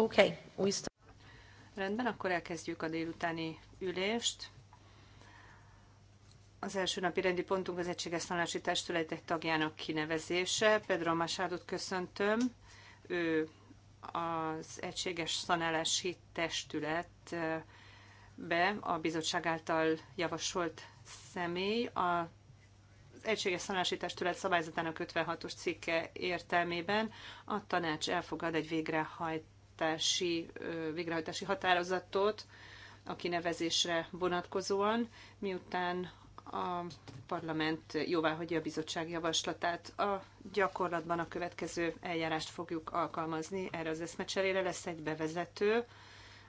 Okay, we start. Rendben, akkor elkezdjük a délutáni ülést. Az első napi rendi pontunk az Egységes Tanácsi Testület egy tagjának kinevezése. Pedro Masárdot köszöntöm. Ő az Egységes Szanálási Testületbe a bizottság által javasolt személy. A az Egységes Szanási Testület szabályzatának 56-os cikke értelmében a tanács elfogad egy végrehajt végrehajtási, végrehajtási határozatot a kinevezésre vonatkozóan, miután a parlament jóvá hagyja a bizottság javaslatát. A gyakorlatban a következő eljárást fogjuk alkalmazni erre az eszmecserére. Lesz egy bevezető,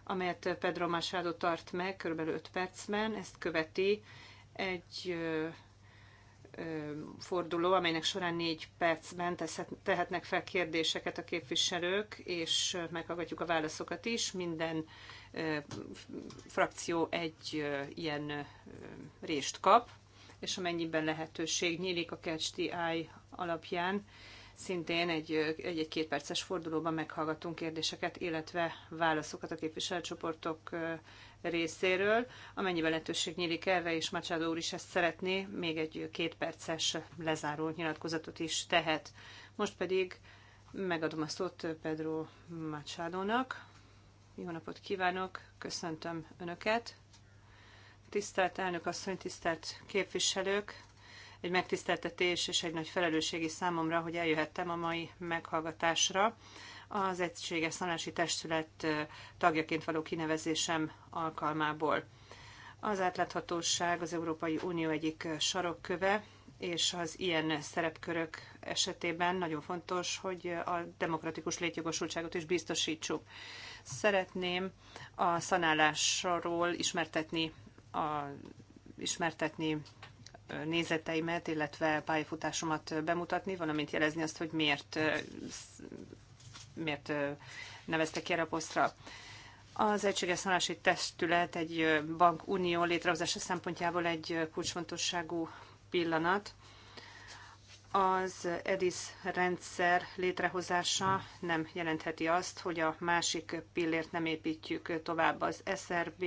amelyet Pedro Machado tart meg, kb. 5 percben. Ezt követi egy forduló, amelynek során négy percben tehetnek fel kérdéseket a képviselők, és meghallgatjuk a válaszokat is. Minden frakció egy ilyen részt kap, és amennyiben lehetőség nyílik a Catch the Eye alapján, szintén egy, egy-egy kétperces fordulóban meghallgatunk kérdéseket, illetve válaszokat a képviselőcsoportok részéről. Amennyiben lehetőség nyílik erre, és Macsádó úr is ezt szeretné, még egy két perces lezáró nyilatkozatot is tehet. Most pedig megadom a szót Pedro Macsádónak. Jó napot kívánok, köszöntöm Önöket. Tisztelt elnök asszony, tisztelt képviselők, egy megtiszteltetés és egy nagy felelősségi számomra, hogy eljöhettem a mai meghallgatásra az Egységes Szanási Testület tagjaként való kinevezésem alkalmából. Az átláthatóság az Európai Unió egyik sarokköve, és az ilyen szerepkörök esetében nagyon fontos, hogy a demokratikus létjogosultságot is biztosítsuk. Szeretném a szanálásról ismertetni, a, ismertetni nézeteimet, illetve pályafutásomat bemutatni, valamint jelezni azt, hogy miért miért neveztek ki erre a posztra. Az Egységes szállási Testület egy bankunió létrehozása szempontjából egy kulcsfontosságú pillanat. Az EDIS rendszer létrehozása nem jelentheti azt, hogy a másik pillért nem építjük tovább. Az SRB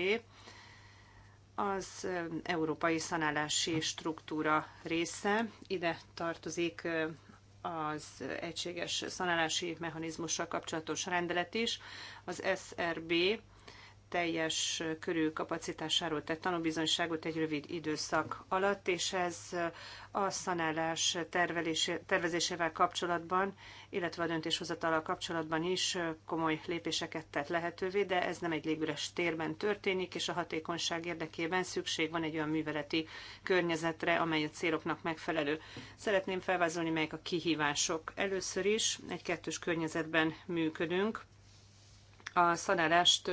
az Európai Szanálási Struktúra része. Ide tartozik az egységes szanálási mechanizmussal kapcsolatos rendelet is, az SRB teljes körű kapacitásáról tett tanúbizonyságot egy rövid időszak alatt, és ez a szanálás tervezésével kapcsolatban, illetve a döntéshozatal kapcsolatban is komoly lépéseket tett lehetővé, de ez nem egy légüres térben történik, és a hatékonyság érdekében szükség van egy olyan műveleti környezetre, amely a céloknak megfelelő. Szeretném felvázolni, melyek a kihívások. Először is egy kettős környezetben működünk. A szanálást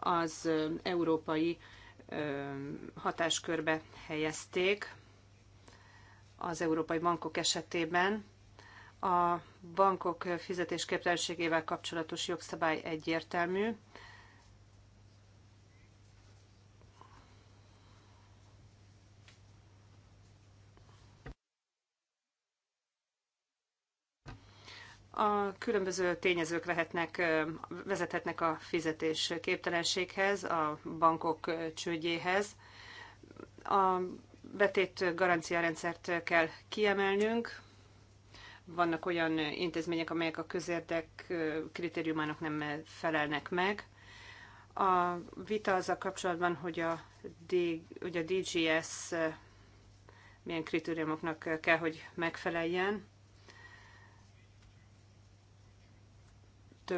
az európai hatáskörbe helyezték az európai bankok esetében. A bankok fizetésképtelenségével kapcsolatos jogszabály egyértelmű, a különböző tényezők vehetnek, vezethetnek a fizetés képtelenséghez, a bankok csődjéhez. A betét garanciarendszert kell kiemelnünk. Vannak olyan intézmények, amelyek a közérdek kritériumának nem felelnek meg. A vita a kapcsolatban, hogy a, D, hogy a DGS milyen kritériumoknak kell, hogy megfeleljen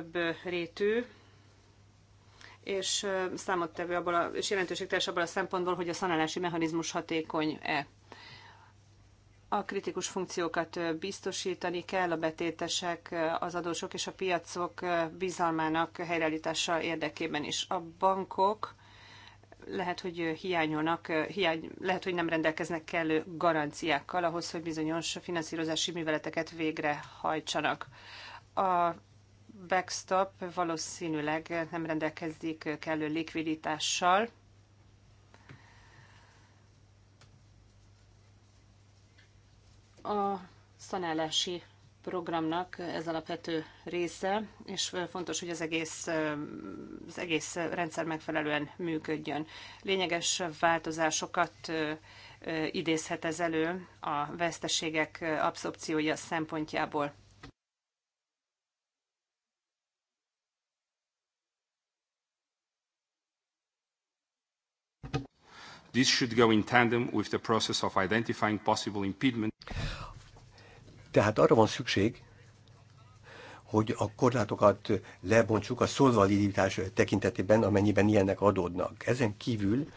több rétű, és számottevő abból a, és jelentőségteljes abból a szempontból, hogy a szanálási mechanizmus hatékony-e. A kritikus funkciókat biztosítani kell a betétesek, az adósok és a piacok bizalmának helyreállítása érdekében is. A bankok lehet, hogy hiányolnak, hiány, lehet, hogy nem rendelkeznek kellő garanciákkal ahhoz, hogy bizonyos finanszírozási műveleteket végrehajtsanak. A backstop valószínűleg nem rendelkezik kellő likviditással, a szanálási programnak ez alapvető része, és fontos, hogy az egész, az egész rendszer megfelelően működjön. Lényeges változásokat idézhet ez elő a veszteségek abszorpciója szempontjából. This should go in tandem with the process of identifying possible impediment. Tehát arra van szükség, hogy a korlátokat lebontsuk a szolvalidítás tekintetében, amennyiben ilyenek adódnak. Ezen kívül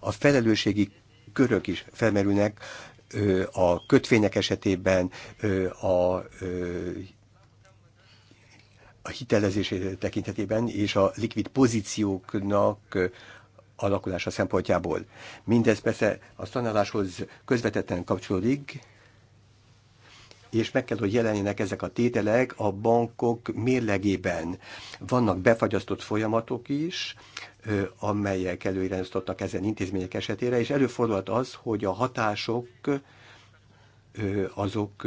a felelősségi körök is felmerülnek a kötvények esetében, a a hitelezés tekintetében és a likvid pozícióknak alakulása szempontjából. Mindez persze a tanuláshoz közvetetten kapcsolódik, és meg kell, hogy jelenjenek ezek a tételek a bankok mérlegében. Vannak befagyasztott folyamatok is, amelyek előirányoztatnak ezen intézmények esetére, és előfordulhat az, hogy a hatások azok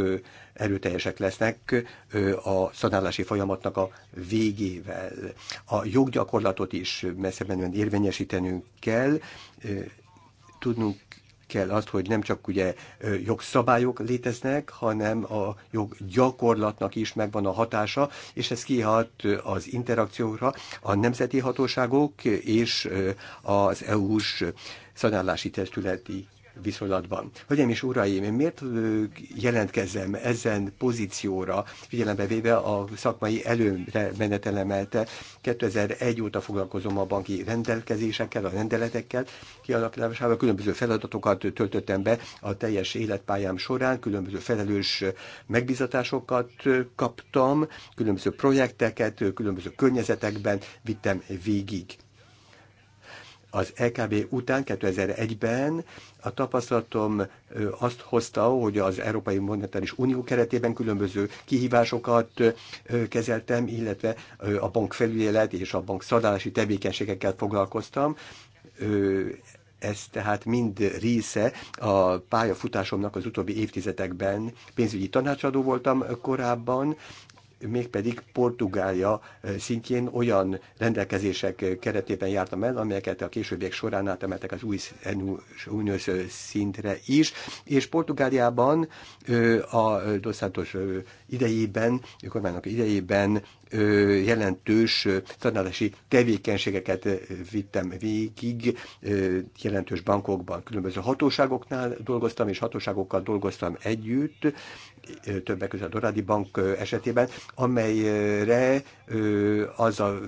erőteljesek lesznek a szanálási folyamatnak a végével. A joggyakorlatot is messze menően érvényesítenünk kell, tudnunk kell azt, hogy nem csak ugye jogszabályok léteznek, hanem a joggyakorlatnak is megvan a hatása, és ez kihat az interakcióra a nemzeti hatóságok és az EU-s szanálási testületi viszonylatban. Hölgyeim és uraim, miért jelentkezem ezen pozícióra, figyelembe véve a szakmai előre menetelemet, 2001 óta foglalkozom a banki rendelkezésekkel, a rendeletekkel kialakításával, különböző feladatokat töltöttem be a teljes életpályám során, különböző felelős megbizatásokat kaptam, különböző projekteket, különböző környezetekben vittem végig. Az EKB után 2001-ben a tapasztalatom azt hozta, hogy az Európai Monetáris Unió keretében különböző kihívásokat kezeltem, illetve a bankfelügyelet és a bank szadálási tevékenységekkel foglalkoztam ez tehát mind része a pályafutásomnak az utóbbi évtizedekben. Pénzügyi tanácsadó voltam korábban, mégpedig Portugália szintjén olyan rendelkezések keretében jártam el, amelyeket a későbbiek során átemeltek az új uniós szintre is, és Portugáliában a Dosszátos idejében, a kormánynak idejében jelentős tanulási tevékenységeket vittem végig, jelentős bankokban, különböző hatóságoknál dolgoztam, és hatóságokkal dolgoztam együtt, többek között a Doradi Bank esetében, amelyre az a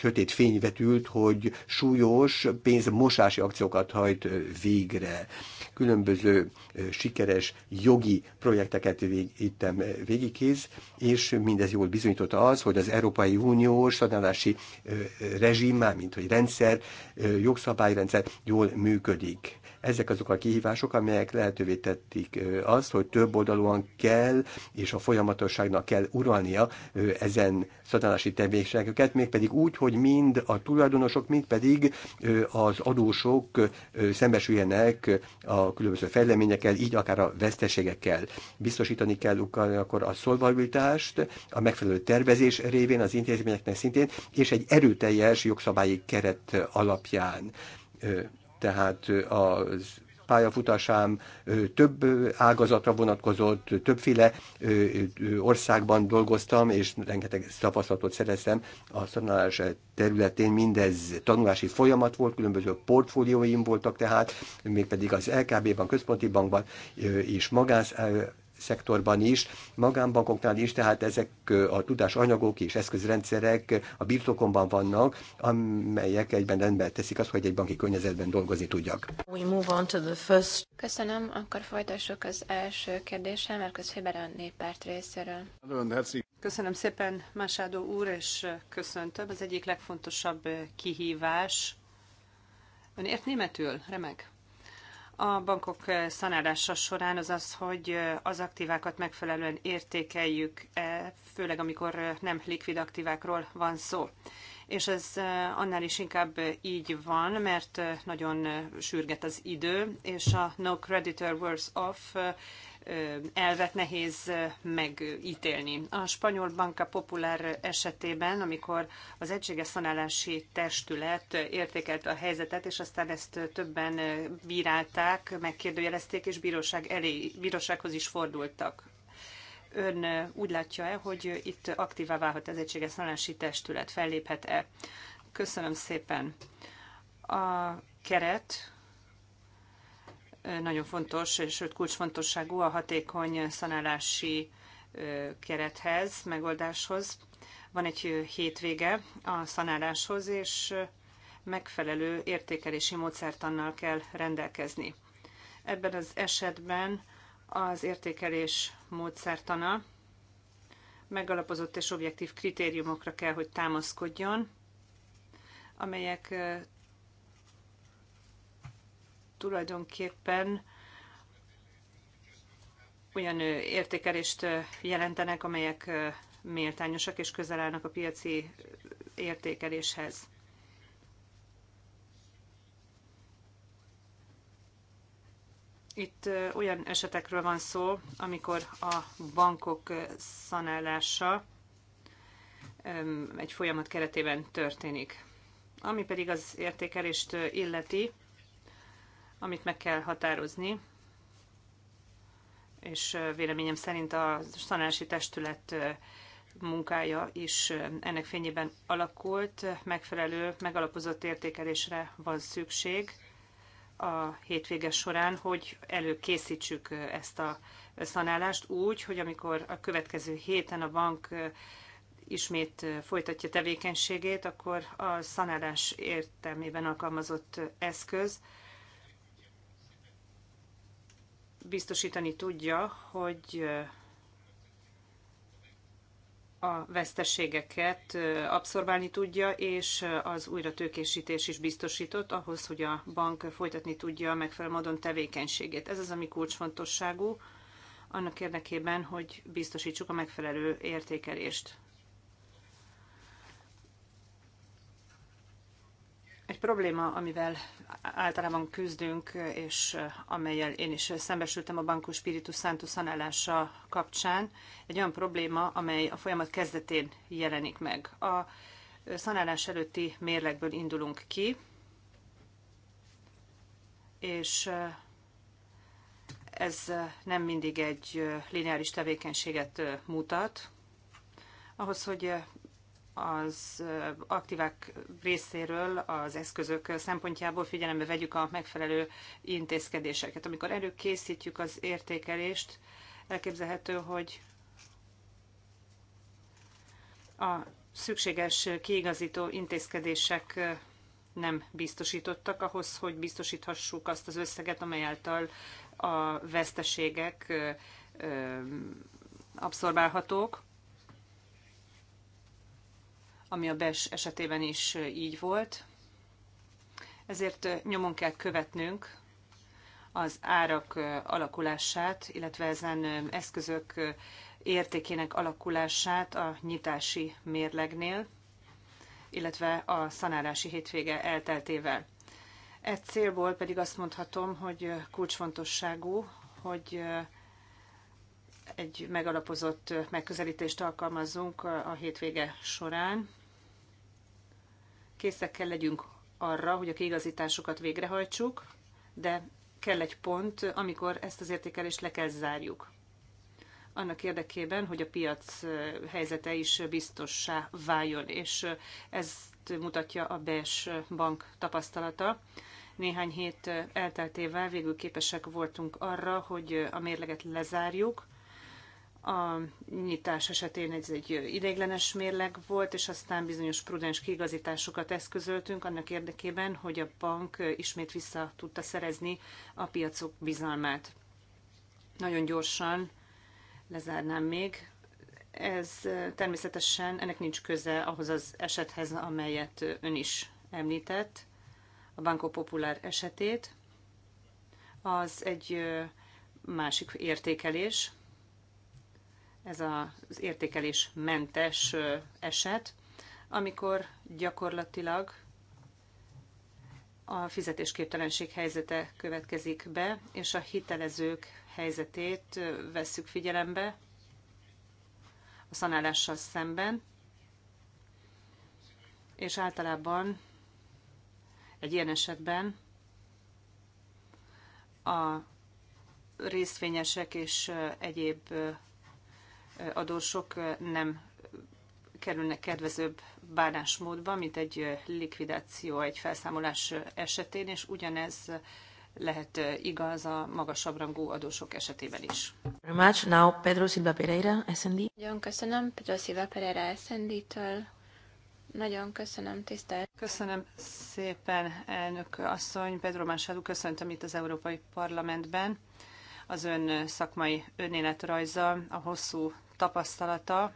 sötét fény vetült, hogy súlyos pénzmosási akciókat hajt végre. Különböző sikeres jogi projekteket vég, ittem végigkéz, és mindez jól bizonyította az, hogy az Európai Uniós szadalási rezsim, mint hogy rendszer, jogszabályrendszer jól működik ezek azok a kihívások, amelyek lehetővé tették azt, hogy több oldalúan kell, és a folyamatosságnak kell uralnia ezen szadálási tevékenységeket, mégpedig úgy, hogy mind a tulajdonosok, mind pedig az adósok szembesüljenek a különböző fejleményekkel, így akár a veszteségekkel. Biztosítani kell akkor a szolvabilitást, a megfelelő tervezés révén az intézményeknek szintén, és egy erőteljes jogszabályi keret alapján tehát a pályafutásám több ágazatra vonatkozott, többféle országban dolgoztam, és rengeteg tapasztalatot szereztem a szanálás területén. Mindez tanulási folyamat volt, különböző portfólióim voltak tehát, mégpedig az LKB-ban, központi bankban és magánsz szektorban is, magánbankoknál is, tehát ezek a tudásanyagok és eszközrendszerek a birtokomban vannak, amelyek egyben rendbe teszik azt, hogy egy banki környezetben dolgozni tudjak. We move on to the first... Köszönöm, akkor folytassuk az első kérdéssel, mert közfében a néppárt részéről. Köszönöm szépen, Másádó úr, és köszöntöm. Az egyik legfontosabb kihívás. Ön ért németül? Remek a bankok szanálása során az az, hogy az aktívákat megfelelően értékeljük, e, főleg amikor nem likvid aktívákról van szó. És ez e, annál is inkább így van, mert e, nagyon sürget az idő, és a no creditor worse off elvet nehéz megítélni. A spanyol banka Popular esetében, amikor az Egységes Szanálási Testület értékelte a helyzetet, és aztán ezt többen bírálták, megkérdőjelezték, és bíróság elé, bírósághoz is fordultak. Ön úgy látja-e, hogy itt aktívá válhat az Egységes Szanálási Testület? Felléphet-e? Köszönöm szépen. A keret, nagyon fontos, és sőt kulcsfontosságú a hatékony szanálási kerethez, megoldáshoz. Van egy hétvége a szanáláshoz, és megfelelő értékelési módszertannal kell rendelkezni. Ebben az esetben az értékelés módszertana megalapozott és objektív kritériumokra kell, hogy támaszkodjon, amelyek tulajdonképpen olyan értékelést jelentenek, amelyek méltányosak és közel állnak a piaci értékeléshez. Itt olyan esetekről van szó, amikor a bankok szanálása egy folyamat keretében történik. Ami pedig az értékelést illeti, amit meg kell határozni, és véleményem szerint a tanási testület munkája is ennek fényében alakult, megfelelő, megalapozott értékelésre van szükség a hétvége során, hogy előkészítsük ezt a szanálást úgy, hogy amikor a következő héten a bank ismét folytatja tevékenységét, akkor a szanálás értelmében alkalmazott eszköz biztosítani tudja, hogy a veszteségeket abszorbálni tudja, és az újratőkésítés is biztosított ahhoz, hogy a bank folytatni tudja a megfelelő módon tevékenységét. Ez az, ami kulcsfontosságú annak érdekében, hogy biztosítsuk a megfelelő értékelést. Egy probléma, amivel általában küzdünk, és amelyel én is szembesültem a Banco Spiritus Santo szanálása kapcsán, egy olyan probléma, amely a folyamat kezdetén jelenik meg. A szanálás előtti mérlegből indulunk ki, és ez nem mindig egy lineáris tevékenységet mutat. Ahhoz, hogy az aktívák részéről az eszközök szempontjából figyelembe vegyük a megfelelő intézkedéseket. Amikor előkészítjük az értékelést, elképzelhető, hogy a szükséges kiigazító intézkedések nem biztosítottak ahhoz, hogy biztosíthassuk azt az összeget, amely által a veszteségek abszorbálhatók ami a BES esetében is így volt. Ezért nyomon kell követnünk az árak alakulását, illetve ezen eszközök értékének alakulását a nyitási mérlegnél, illetve a szanárási hétvége elteltével. Egy célból pedig azt mondhatom, hogy kulcsfontosságú, hogy egy megalapozott megközelítést alkalmazzunk a hétvége során, készek kell legyünk arra, hogy a kiigazításokat végrehajtsuk, de kell egy pont, amikor ezt az értékelést le kell zárjuk. Annak érdekében, hogy a piac helyzete is biztossá váljon, és ezt mutatja a BES bank tapasztalata. Néhány hét elteltével végül képesek voltunk arra, hogy a mérleget lezárjuk, a nyitás esetén ez egy ideiglenes mérleg volt, és aztán bizonyos prudens kiigazításokat eszközöltünk annak érdekében, hogy a bank ismét vissza tudta szerezni a piacok bizalmát. Nagyon gyorsan lezárnám még. Ez eh, természetesen, ennek nincs köze ahhoz az esethez, amelyet ön is említett, a Banco Popular esetét. Az egy eh, másik értékelés, ez az értékelés mentes eset, amikor gyakorlatilag a fizetésképtelenség helyzete következik be, és a hitelezők helyzetét vesszük figyelembe a szanálással szemben, és általában egy ilyen esetben a részvényesek és egyéb adósok nem kerülnek kedvezőbb bánásmódba, mint egy likvidáció, egy felszámolás esetén, és ugyanez lehet igaz a magasabb rangú adósok esetében is. Much. Now Pedro Silva Pereira, SND. Nagyon köszönöm Pedro Silva Pereira SND-től. Nagyon köszönöm, tisztelt. Köszönöm szépen, elnök asszony. Pedro Másádú, köszöntöm itt az Európai Parlamentben. Az ön szakmai önéletrajza, a hosszú tapasztalata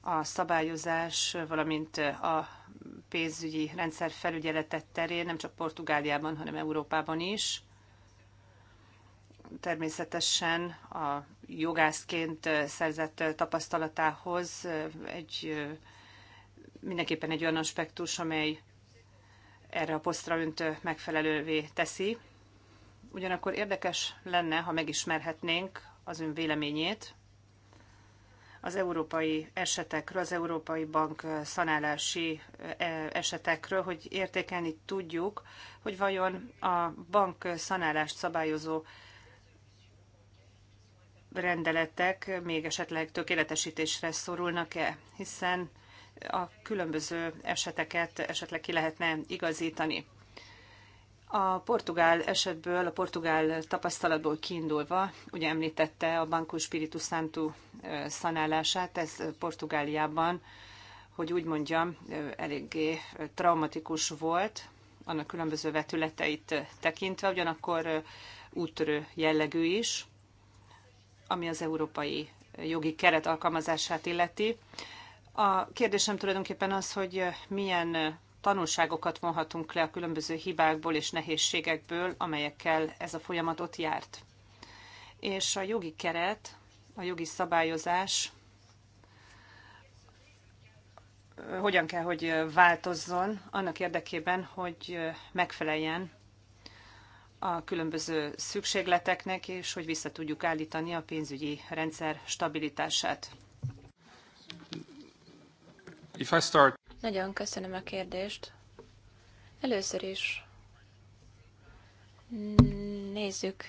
a szabályozás, valamint a pénzügyi rendszer felügyeletet terén, nem csak Portugáliában, hanem Európában is. Természetesen a jogászként szerzett tapasztalatához egy mindenképpen egy olyan aspektus, amely erre a posztra önt megfelelővé teszi. Ugyanakkor érdekes lenne, ha megismerhetnénk az ön véleményét az európai esetekről, az Európai Bank szanálási e, esetekről, hogy értékelni tudjuk, hogy vajon a bank szanálást szabályozó rendeletek még esetleg tökéletesítésre szorulnak-e, hiszen a különböző eseteket esetleg ki lehetne igazítani. A portugál esetből, a portugál tapasztalatból kiindulva, ugye említette a Banco Spiritu Santo szanálását, ez Portugáliában, hogy úgy mondjam, eléggé traumatikus volt, annak különböző vetületeit tekintve, ugyanakkor úttörő jellegű is, ami az európai jogi keret alkalmazását illeti. A kérdésem tulajdonképpen az, hogy milyen tanulságokat vonhatunk le a különböző hibákból és nehézségekből, amelyekkel ez a folyamatot járt. És a jogi keret, a jogi szabályozás hogyan kell, hogy változzon annak érdekében, hogy megfeleljen a különböző szükségleteknek, és hogy vissza tudjuk állítani a pénzügyi rendszer stabilitását. If I start... Nagyon köszönöm a kérdést. Először is nézzük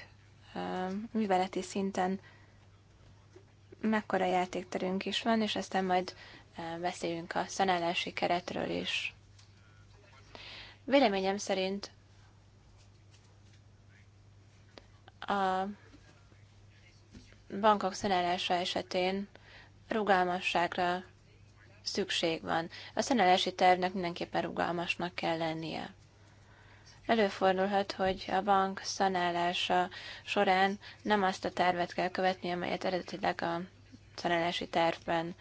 műveleti szinten mekkora játékterünk is van, és aztán majd beszéljünk a szanálási keretről is. Véleményem szerint a bankok szanálása esetén rugalmasságra szükség van. A szenelési tervnek mindenképpen rugalmasnak kell lennie. Előfordulhat, hogy a bank szanálása során nem azt a tervet kell követni, amelyet eredetileg a szanálási tervben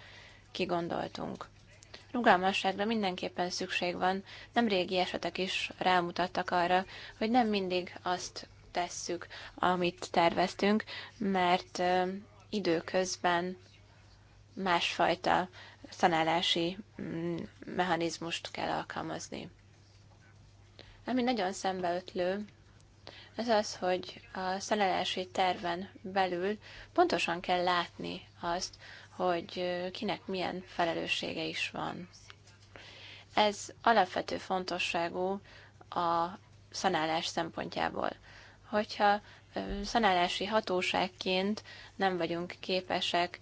kigondoltunk. Rugalmasságra mindenképpen szükség van, nem régi esetek is rámutattak arra, hogy nem mindig azt tesszük, amit terveztünk, mert időközben másfajta szanálási mm, mechanizmust kell alkalmazni. Ami nagyon szembeötlő, az az, hogy a szanálási terven belül pontosan kell látni azt, hogy kinek milyen felelőssége is van. Ez alapvető fontosságú a szanálás szempontjából. Hogyha szanálási hatóságként nem vagyunk képesek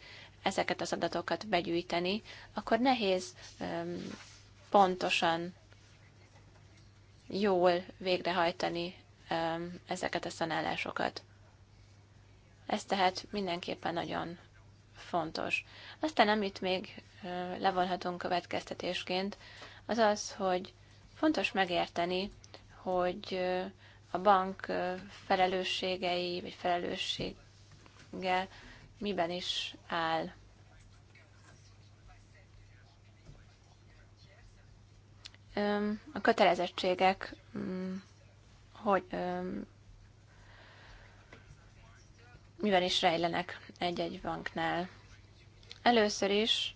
ezeket az adatokat begyűjteni, akkor nehéz pontosan jól végrehajtani ezeket a szanálásokat. Ez tehát mindenképpen nagyon fontos. Aztán amit még levonhatunk következtetésként, az az, hogy fontos megérteni, hogy a bank felelősségei vagy felelősséggel miben is áll. A kötelezettségek mm, hogy miben is rejlenek egy-egy banknál. Először is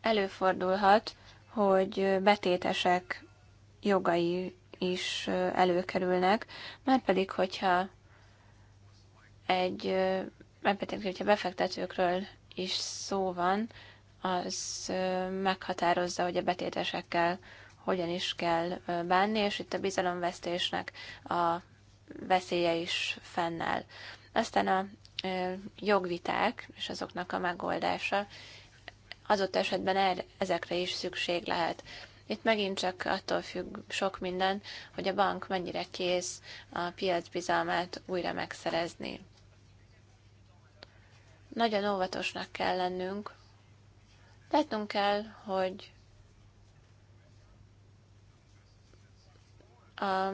előfordulhat, hogy betétesek jogai is előkerülnek, mert pedig, hogyha egy pedig, hogyha befektetőkről is szó van, az meghatározza, hogy a betétesekkel hogyan is kell bánni, és itt a bizalomvesztésnek a veszélye is fennáll. Aztán a jogviták és azoknak a megoldása, azott esetben er, ezekre is szükség lehet. Itt megint csak attól függ sok minden, hogy a bank mennyire kész a piacbizalmát újra megszerezni. Nagyon óvatosnak kell lennünk. Látnunk kell, hogy a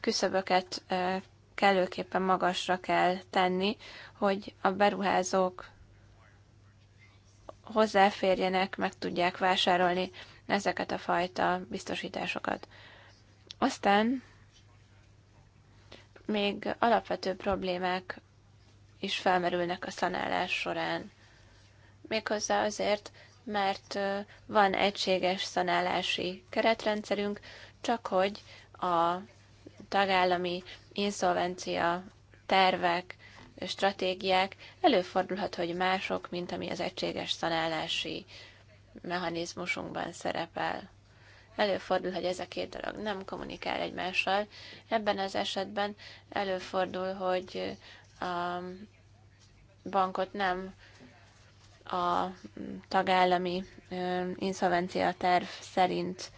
küszöböket kellőképpen magasra kell tenni, hogy a beruházók hozzáférjenek, meg tudják vásárolni ezeket a fajta biztosításokat. Aztán még alapvető problémák is felmerülnek a szanálás során. Méghozzá azért, mert van egységes szanálási keretrendszerünk, csak hogy a tagállami inszolvencia tervek, stratégiák előfordulhat, hogy mások, mint ami az egységes szanálási mechanizmusunkban szerepel. Előfordul, hogy ez a két dolog nem kommunikál egymással. Ebben az esetben előfordul, hogy a bankot nem a tagállami inszolvencia terv szerint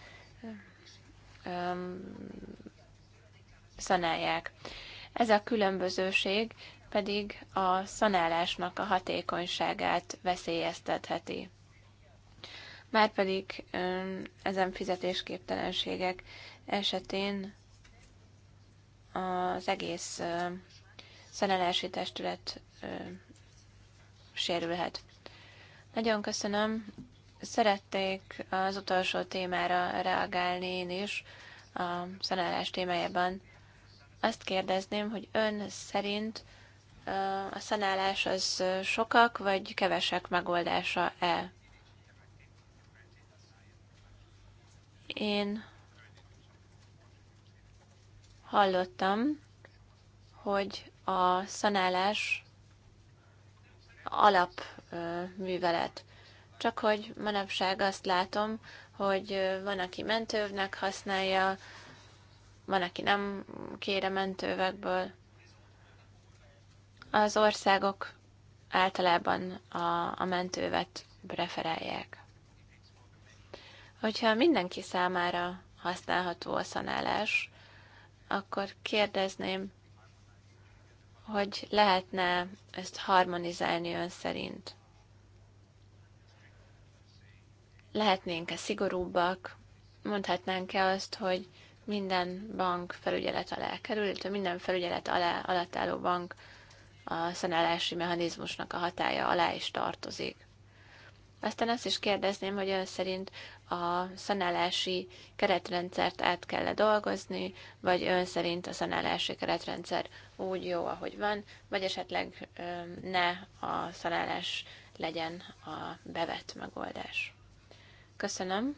szanálják. Ez a különbözőség pedig a szanálásnak a hatékonyságát veszélyeztetheti. Márpedig ezen fizetésképtelenségek esetén az egész szenelási testület ö, sérülhet. Nagyon köszönöm. Szerették az utolsó témára reagálni én is a szenelás témájában. Azt kérdezném, hogy ön szerint a szenelás az sokak vagy kevesek megoldása-e? Én hallottam, hogy a szanálás alapművelet. Csak hogy manapság azt látom, hogy van, aki mentővnek használja, van, aki nem kére mentővekből. Az országok általában a, a mentővet preferálják. Hogyha mindenki számára használható a szanálás, akkor kérdezném, hogy lehetne ezt harmonizálni ön szerint? Lehetnénk-e szigorúbbak? Mondhatnánk-e azt, hogy minden bank felügyelet alá kerül, illetve minden felügyelet alá, alatt álló bank a szanálási mechanizmusnak a hatája alá is tartozik? Aztán azt is kérdezném, hogy ön szerint a szanálási keretrendszert át kell -e dolgozni, vagy ön szerint a szanálási keretrendszer úgy jó, ahogy van, vagy esetleg ne a szanálás legyen a bevett megoldás. Köszönöm.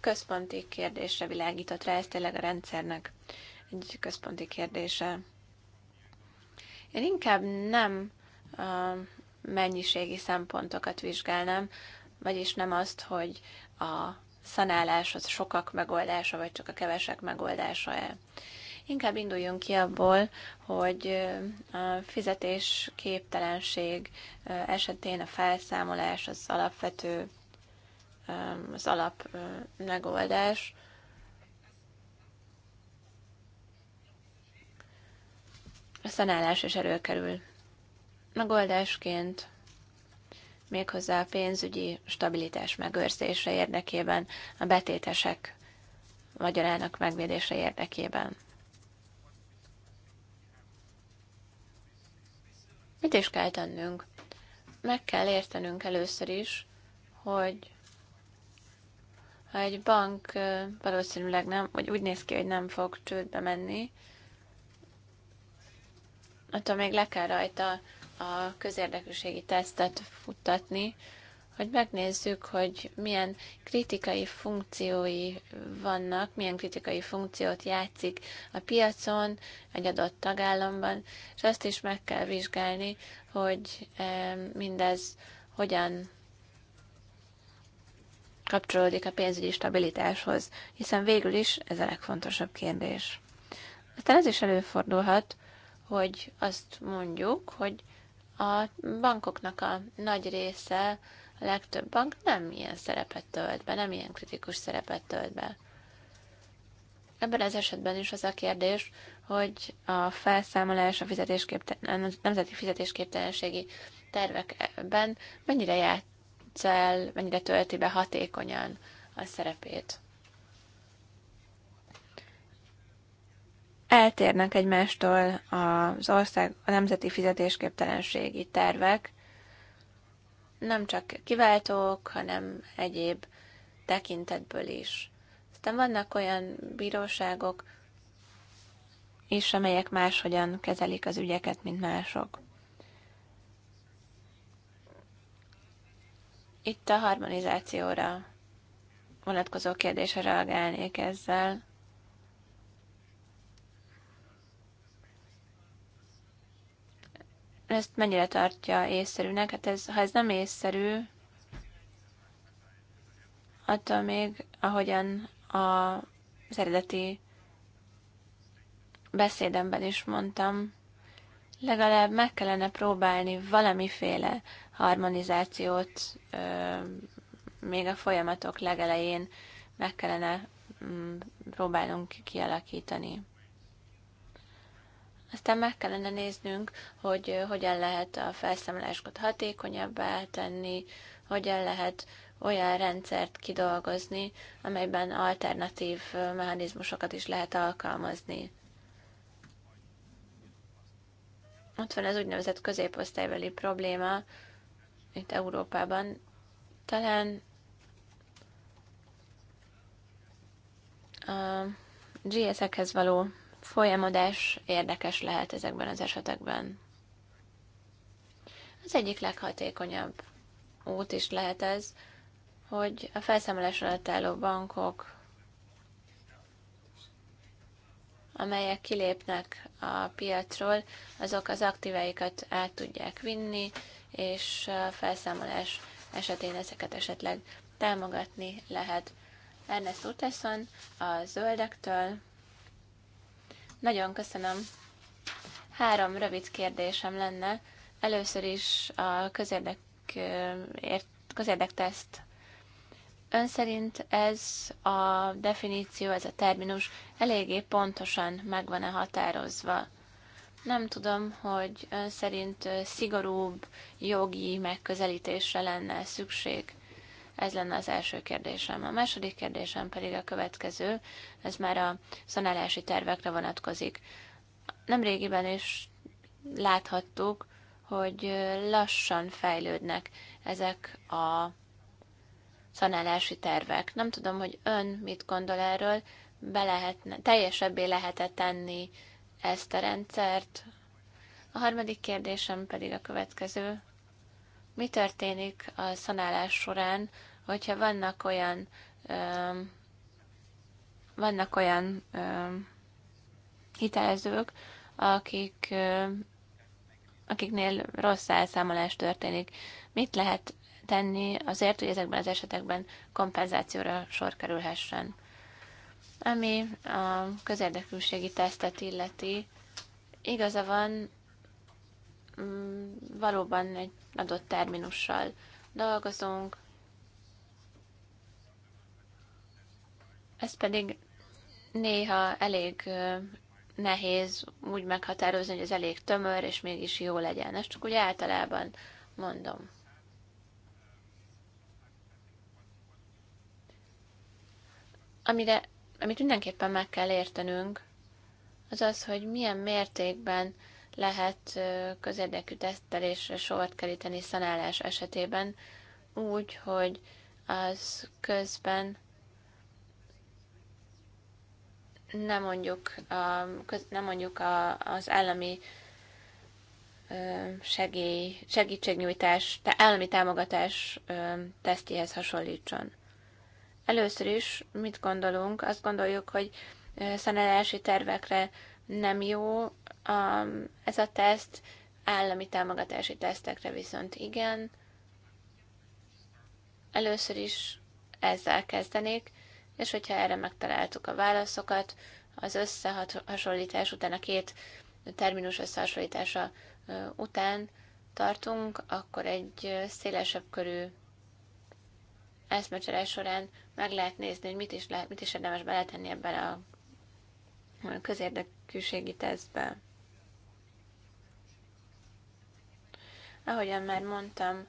Központi kérdésre világított rá, ez tényleg a rendszernek egy központi kérdése. Én inkább nem mennyiségi szempontokat vizsgálnám, vagyis nem azt, hogy a szanálás az sokak megoldása, vagy csak a kevesek megoldása-e. Inkább induljunk ki abból, hogy a fizetés képtelenség esetén a felszámolás az alapvető, az alap megoldás. A szanálás is előkerül megoldásként méghozzá a pénzügyi stabilitás megőrzése érdekében, a betétesek vagyonának megvédése érdekében. Mit is kell tennünk? Meg kell értenünk először is, hogy ha egy bank valószínűleg nem, vagy úgy néz ki, hogy nem fog csődbe menni, attól még le kell rajta a közérdekűségi tesztet futtatni, hogy megnézzük, hogy milyen kritikai funkciói vannak, milyen kritikai funkciót játszik a piacon, egy adott tagállamban, és azt is meg kell vizsgálni, hogy eh, mindez hogyan kapcsolódik a pénzügyi stabilitáshoz, hiszen végül is ez a legfontosabb kérdés. Aztán ez is előfordulhat, hogy azt mondjuk, hogy a bankoknak a nagy része, a legtöbb bank nem ilyen szerepet tölt be, nem ilyen kritikus szerepet tölt be. Ebben az esetben is az a kérdés, hogy a felszámolás a a nemzeti fizetésképtelenségi tervekben mennyire játsz el, mennyire tölti be hatékonyan a szerepét. eltérnek egymástól az ország, a nemzeti fizetésképtelenségi tervek, nem csak kiváltók, hanem egyéb tekintetből is. Aztán vannak olyan bíróságok is, amelyek máshogyan kezelik az ügyeket, mint mások. Itt a harmonizációra vonatkozó kérdésre reagálnék ezzel. ezt mennyire tartja észszerűnek? Hát ez, ha ez nem észszerű, attól még, ahogyan a, az eredeti beszédemben is mondtam, legalább meg kellene próbálni valamiféle harmonizációt ö, még a folyamatok legelején meg kellene mm, próbálunk próbálnunk kialakítani. Aztán meg kellene néznünk, hogy hogyan lehet a felszámolásokat hatékonyabbá tenni, hogyan lehet olyan rendszert kidolgozni, amelyben alternatív mechanizmusokat is lehet alkalmazni. Ott van az úgynevezett középosztálybeli probléma itt Európában. Talán a GS-ekhez való folyamodás érdekes lehet ezekben az esetekben. Az egyik leghatékonyabb út is lehet ez, hogy a felszámolás alatt álló bankok, amelyek kilépnek a piacról, azok az aktíveikat át tudják vinni, és a felszámolás esetén ezeket esetleg támogatni lehet. Ernest Utesson a zöldektől nagyon köszönöm. Három rövid kérdésem lenne. Először is a közérdek, közérdekteszt. Ön szerint ez a definíció, ez a terminus eléggé pontosan meg van-e határozva? Nem tudom, hogy ön szerint szigorúbb jogi megközelítésre lenne szükség. Ez lenne az első kérdésem. A második kérdésem pedig a következő, ez már a szanálási tervekre vonatkozik. Nemrégiben is láthattuk, hogy lassan fejlődnek ezek a szanálási tervek. Nem tudom, hogy ön mit gondol erről, be lehetne, teljesebbé lehet-e tenni ezt a rendszert. A harmadik kérdésem pedig a következő mi történik a szanálás során, hogyha vannak olyan öm, vannak olyan öm, hitelezők, akik, öm, akiknél rossz elszámolás történik. Mit lehet tenni azért, hogy ezekben az esetekben kompenzációra sor kerülhessen? Ami a közérdekűségi tesztet illeti, igaza van, Mm, valóban egy adott terminussal dolgozunk, ez pedig néha elég nehéz úgy meghatározni, hogy ez elég tömör, és mégis jó legyen. Ezt csak úgy általában mondom. Amire, amit mindenképpen meg kell értenünk, az az, hogy milyen mértékben lehet közérdekű tesztelésre sort keríteni szanálás esetében, úgy, hogy az közben nem mondjuk, a, köz, nem mondjuk a, az állami segély, segítségnyújtás, állami támogatás tesztjéhez hasonlítson. Először is mit gondolunk? Azt gondoljuk, hogy szanálási tervekre nem jó a, um, ez a teszt állami támogatási tesztekre viszont igen. Először is ezzel kezdenék, és hogyha erre megtaláltuk a válaszokat, az összehasonlítás után, a két terminus összehasonlítása után tartunk, akkor egy szélesebb körű eszmecsere során meg lehet nézni, hogy mit is, lehet, mit is érdemes beletenni ebben a közérdekűségi tesztbe. Ahogyan már mondtam,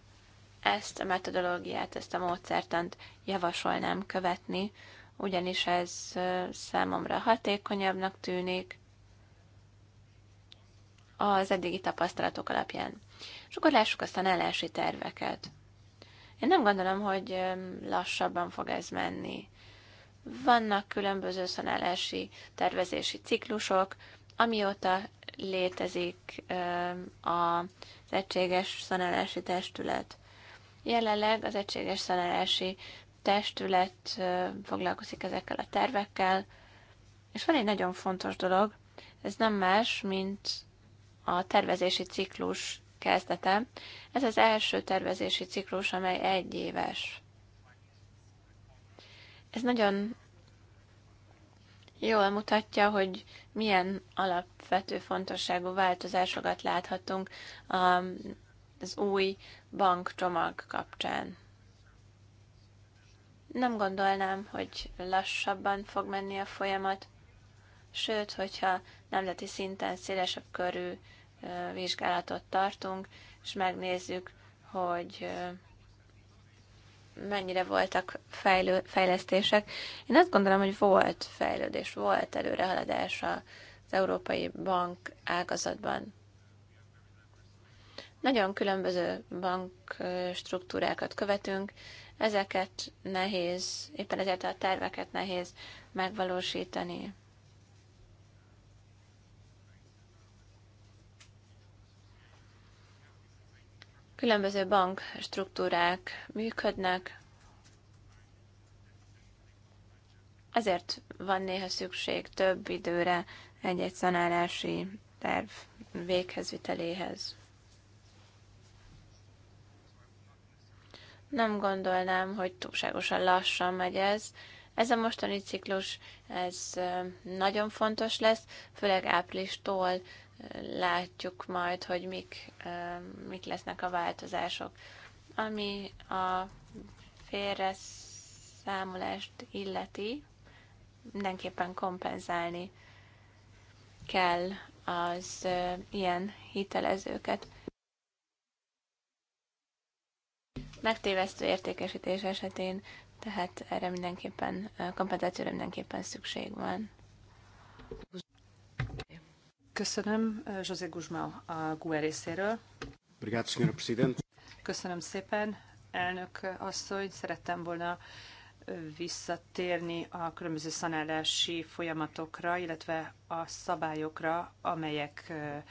ezt a metodológiát, ezt a módszertant javasolnám követni, ugyanis ez számomra hatékonyabbnak tűnik az eddigi tapasztalatok alapján. És akkor lássuk a szanálási terveket. Én nem gondolom, hogy lassabban fog ez menni. Vannak különböző szanálási tervezési ciklusok, Amióta létezik az egységes szanálási testület. Jelenleg az egységes szanálási testület foglalkozik ezekkel a tervekkel, és van egy nagyon fontos dolog, ez nem más, mint a tervezési ciklus kezdete. Ez az első tervezési ciklus, amely egy éves. Ez nagyon jól mutatja, hogy milyen alapvető fontosságú változásokat láthatunk az új bankcsomag kapcsán. Nem gondolnám, hogy lassabban fog menni a folyamat, sőt, hogyha nemzeti szinten szélesebb körű vizsgálatot tartunk, és megnézzük, hogy mennyire voltak fejlő, fejlesztések. Én azt gondolom, hogy volt fejlődés, volt előrehaladás az Európai Bank ágazatban. Nagyon különböző bank struktúrákat követünk, ezeket nehéz, éppen ezért a terveket nehéz megvalósítani. Különböző bank struktúrák működnek, ezért van néha szükség több időre egy-egy szanálási terv véghezviteléhez. Nem gondolnám, hogy túlságosan lassan megy ez. Ez a mostani ciklus, ez nagyon fontos lesz, főleg áprilistól látjuk majd, hogy mik, mik lesznek a változások. Ami a félre számolást illeti, mindenképpen kompenzálni kell az ilyen hitelezőket. Megtévesztő értékesítés esetén, tehát erre mindenképpen, kompenzációra mindenképpen szükség van. Köszönöm eh, José Guzmán a GUE részéről. Obrigado, Sr. Presidente. Köszönöm szépen, elnök asszony. Szerettem volna eh, visszatérni a különböző szanálási folyamatokra, illetve a szabályokra, amelyek eh,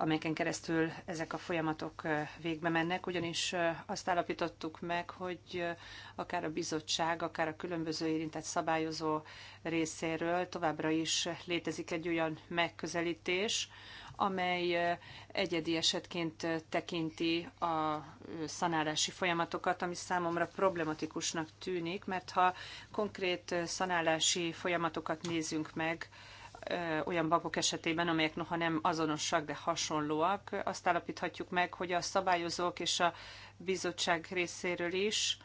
amelyeken keresztül ezek a folyamatok végbe mennek, ugyanis azt állapítottuk meg, hogy akár a bizottság, akár a különböző érintett szabályozó részéről továbbra is létezik egy olyan megközelítés, amely egyedi esetként tekinti a szanálási folyamatokat, ami számomra problematikusnak tűnik, mert ha konkrét szanálási folyamatokat nézünk meg, olyan bankok esetében, amelyek noha nem azonosak, de hasonlóak, azt állapíthatjuk meg, hogy a szabályozók és a bizottság részéről is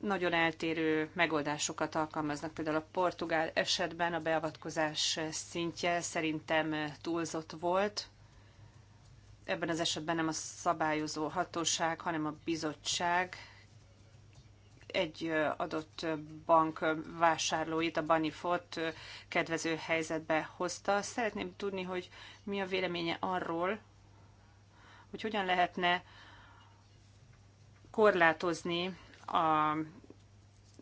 nagyon eltérő megoldásokat alkalmaznak. Például a portugál esetben a beavatkozás szintje szerintem túlzott volt. Ebben az esetben nem a szabályozó hatóság, hanem a bizottság egy adott bank vásárlóit, a Banifot kedvező helyzetbe hozta. Szeretném tudni, hogy mi a véleménye arról, hogy hogyan lehetne korlátozni a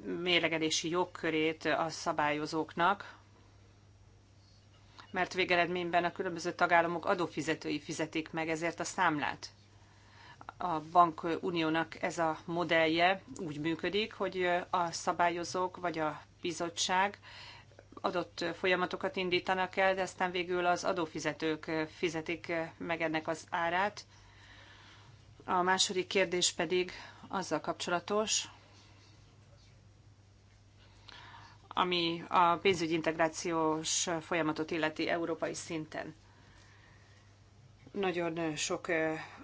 mérlegelési jogkörét a szabályozóknak, mert végeredményben a különböző tagállamok adófizetői fizetik meg ezért a számlát a bankuniónak ez a modellje úgy működik, hogy a szabályozók vagy a bizottság adott folyamatokat indítanak el, de aztán végül az adófizetők fizetik meg ennek az árát. A második kérdés pedig azzal kapcsolatos, ami a pénzügyi integrációs folyamatot illeti európai szinten. Nagyon sok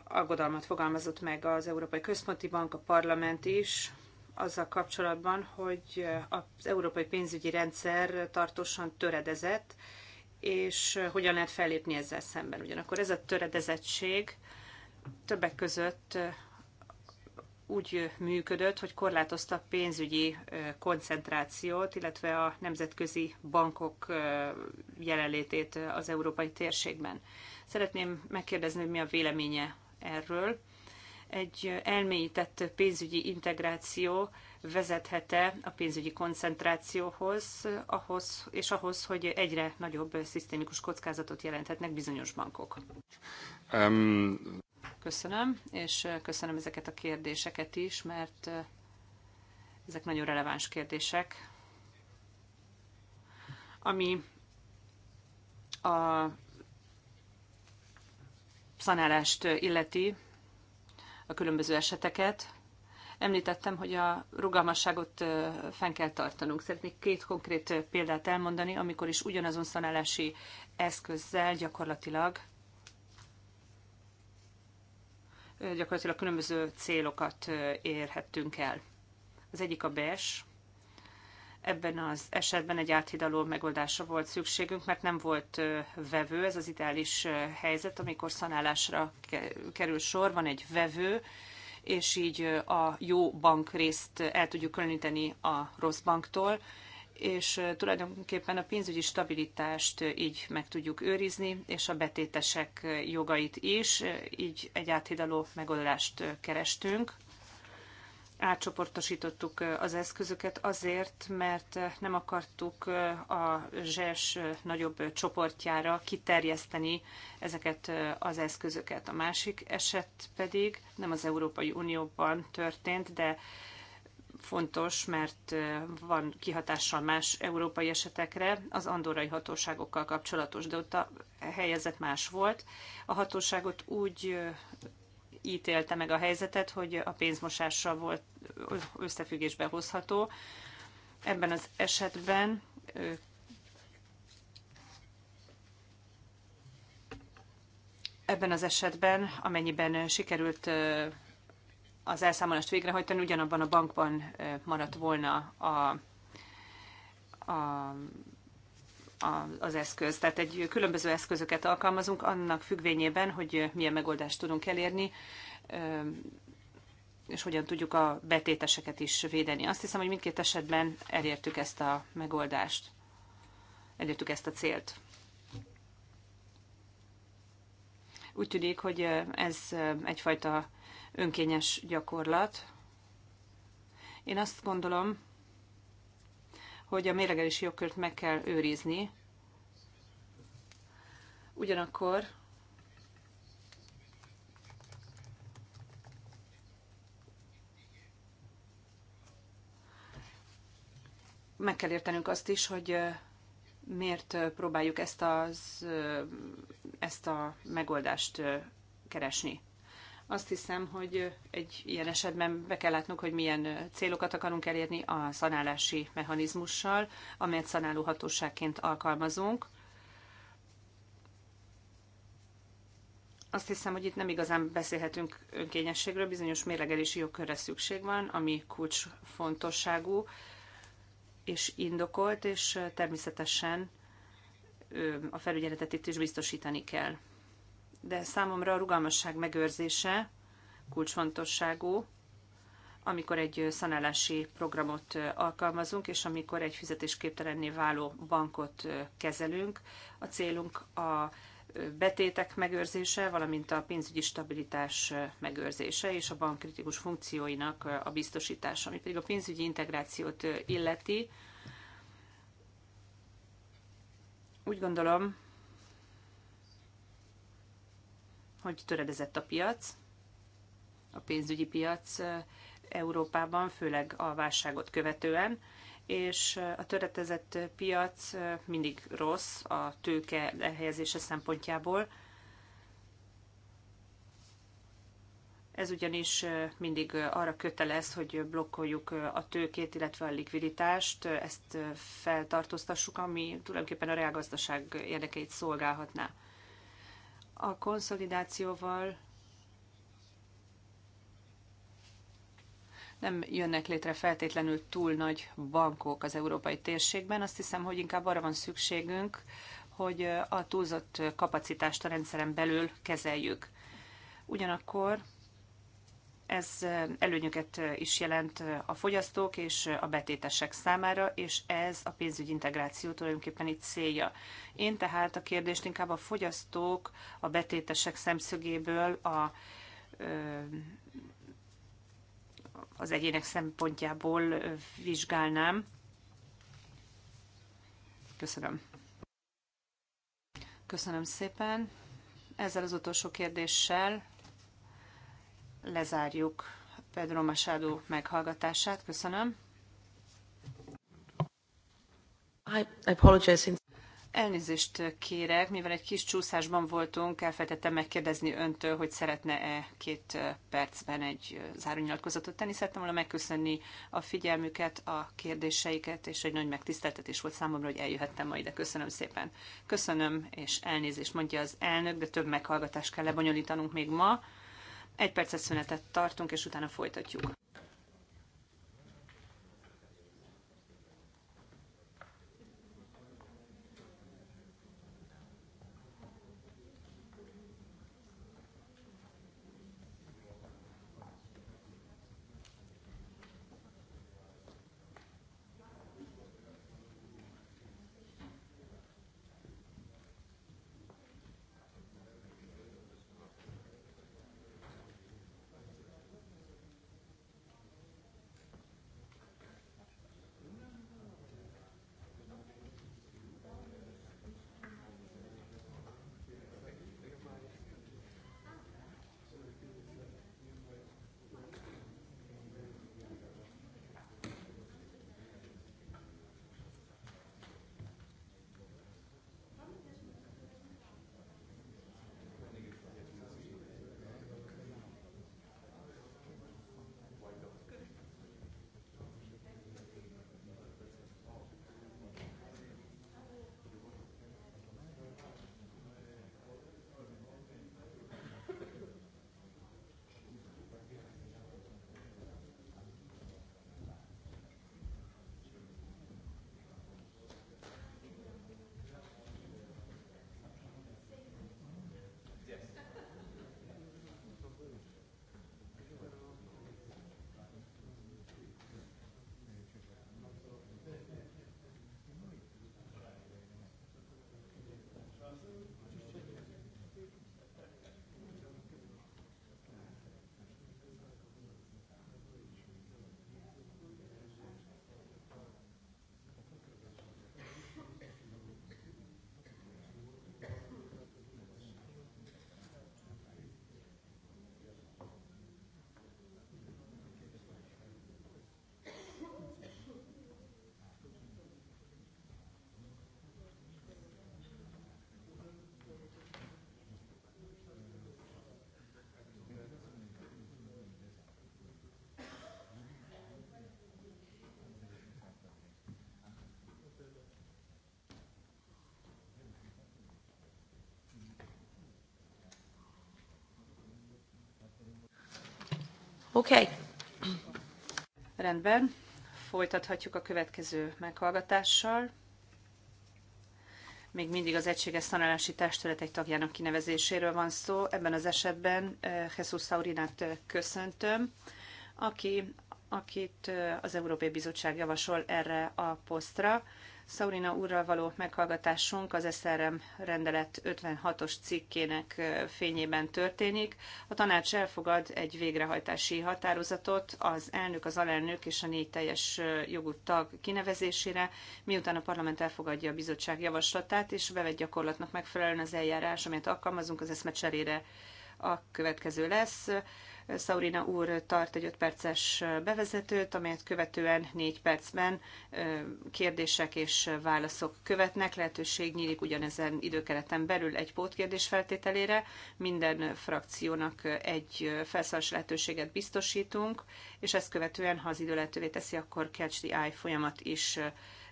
aggodalmat fogalmazott meg az Európai Központi Bank, a parlament is, azzal kapcsolatban, hogy az európai pénzügyi rendszer tartósan töredezett, és hogyan lehet fellépni ezzel szemben. Ugyanakkor ez a töredezettség többek között úgy működött, hogy korlátozta a pénzügyi koncentrációt, illetve a nemzetközi bankok jelenlétét az európai térségben. Szeretném megkérdezni, hogy mi a véleménye erről. Egy elmélyített pénzügyi integráció vezethet a pénzügyi koncentrációhoz, ahhoz, és ahhoz, hogy egyre nagyobb szisztémikus kockázatot jelenthetnek bizonyos bankok? Um... Köszönöm, és köszönöm ezeket a kérdéseket is, mert uh, ezek nagyon releváns kérdések. Ami a szanálást illeti a különböző eseteket. Említettem, hogy a rugalmasságot fenn kell tartanunk. Szeretnék két konkrét példát elmondani, amikor is ugyanazon szanálási eszközzel gyakorlatilag gyakorlatilag különböző célokat érhettünk el. Az egyik a BES, Ebben az esetben egy áthidaló megoldásra volt szükségünk, mert nem volt vevő, ez az ideális helyzet, amikor szanálásra kerül sor, van egy vevő, és így a jó bank részt el tudjuk különíteni a rossz banktól, és tulajdonképpen a pénzügyi stabilitást így meg tudjuk őrizni, és a betétesek jogait is, így egy áthidaló megoldást kerestünk átcsoportosítottuk az eszközöket azért, mert nem akartuk a zses nagyobb csoportjára kiterjeszteni ezeket az eszközöket. A másik eset pedig nem az Európai Unióban történt, de fontos, mert van kihatással más európai esetekre, az andorai hatóságokkal kapcsolatos, de ott a helyzet más volt. A hatóságot úgy ítélte meg a helyzetet, hogy a pénzmosással volt összefüggésbe hozható. Ebben az esetben ebben az esetben, amennyiben sikerült az elszámolást végrehajtani, ugyanabban a bankban maradt volna a, a az eszköz. Tehát egy különböző eszközöket alkalmazunk annak függvényében, hogy milyen megoldást tudunk elérni, és hogyan tudjuk a betéteseket is védeni. Azt hiszem, hogy mindkét esetben elértük ezt a megoldást, elértük ezt a célt. Úgy tűnik, hogy ez egyfajta önkényes gyakorlat. Én azt gondolom, hogy a mérlegelési jogkört meg kell őrizni. Ugyanakkor meg kell értenünk azt is, hogy miért próbáljuk ezt, az, ezt a megoldást keresni. Azt hiszem, hogy egy ilyen esetben be kell látnunk, hogy milyen célokat akarunk elérni a szanálási mechanizmussal, amelyet szanáló hatóságként alkalmazunk. Azt hiszem, hogy itt nem igazán beszélhetünk önkényességről, bizonyos mérlegelési jogkörre szükség van, ami kulcsfontosságú és indokolt, és természetesen a felügyeletet itt is biztosítani kell de számomra a rugalmasság megőrzése kulcsfontosságú, amikor egy szanálási programot alkalmazunk, és amikor egy fizetésképtelenné váló bankot kezelünk. A célunk a betétek megőrzése, valamint a pénzügyi stabilitás megőrzése és a bank kritikus funkcióinak a biztosítása, ami pedig a pénzügyi integrációt illeti. Úgy gondolom, hogy töredezett a piac, a pénzügyi piac Európában, főleg a válságot követően, és a töretezett piac mindig rossz a tőke elhelyezése szempontjából. Ez ugyanis mindig arra kötelez, hogy blokkoljuk a tőkét, illetve a likviditást, ezt feltartóztassuk, ami tulajdonképpen a reálgazdaság érdekeit szolgálhatná a konszolidációval nem jönnek létre feltétlenül túl nagy bankok az európai térségben. Azt hiszem, hogy inkább arra van szükségünk, hogy a túlzott kapacitást a rendszeren belül kezeljük. Ugyanakkor ez előnyöket is jelent a fogyasztók és a betétesek számára, és ez a pénzügyi integráció tulajdonképpen itt célja. Én tehát a kérdést inkább a fogyasztók, a betétesek szemszögéből, a, az egyének szempontjából vizsgálnám. Köszönöm. Köszönöm szépen. Ezzel az utolsó kérdéssel lezárjuk Pedro Machado meghallgatását. Köszönöm. I apologize. Elnézést kérek, mivel egy kis csúszásban voltunk, elfelejtettem megkérdezni öntől, hogy szeretne-e két percben egy zárónyilatkozatot tenni. Szerettem volna megköszönni a figyelmüket, a kérdéseiket, és egy nagy megtiszteltetés volt számomra, hogy eljöhettem ma ide. Köszönöm szépen. Köszönöm, és elnézést mondja az elnök, de több meghallgatást kell lebonyolítanunk még ma. Egy percet szünetet tartunk, és utána folytatjuk. Okay. Rendben, folytathatjuk a következő meghallgatással. Még mindig az Egységes Tanulási Testület egy tagjának kinevezéséről van szó. Ebben az esetben eh, Jesus Saurinát eh, köszöntöm, aki, akit eh, az Európai Bizottság javasol erre a posztra. Szaurina úrral való meghallgatásunk az SRM rendelet 56-os cikkének fényében történik. A tanács elfogad egy végrehajtási határozatot az elnök, az alelnök és a négy teljes jogú tag kinevezésére, miután a parlament elfogadja a bizottság javaslatát, és bevett gyakorlatnak megfelelően az eljárás, amelyet alkalmazunk az eszmecserére a következő lesz. Szaurina úr tart egy 5 perces bevezetőt, amelyet követően 4 percben kérdések és válaszok követnek. Lehetőség nyílik ugyanezen időkereten belül egy pótkérdés feltételére. Minden frakciónak egy felszólalási lehetőséget biztosítunk, és ezt követően, ha az idő lehetővé teszi, akkor catch the eye folyamat is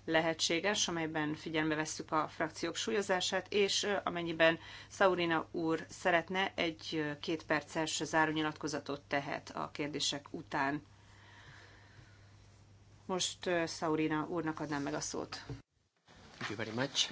lehetséges, amelyben figyelme vesszük a frakciók súlyozását, és amennyiben Szaurina úr szeretne, egy két perces zárónyilatkozatot tehet a kérdések után. Most Szaurina úrnak adnám meg a szót. Thank you very much.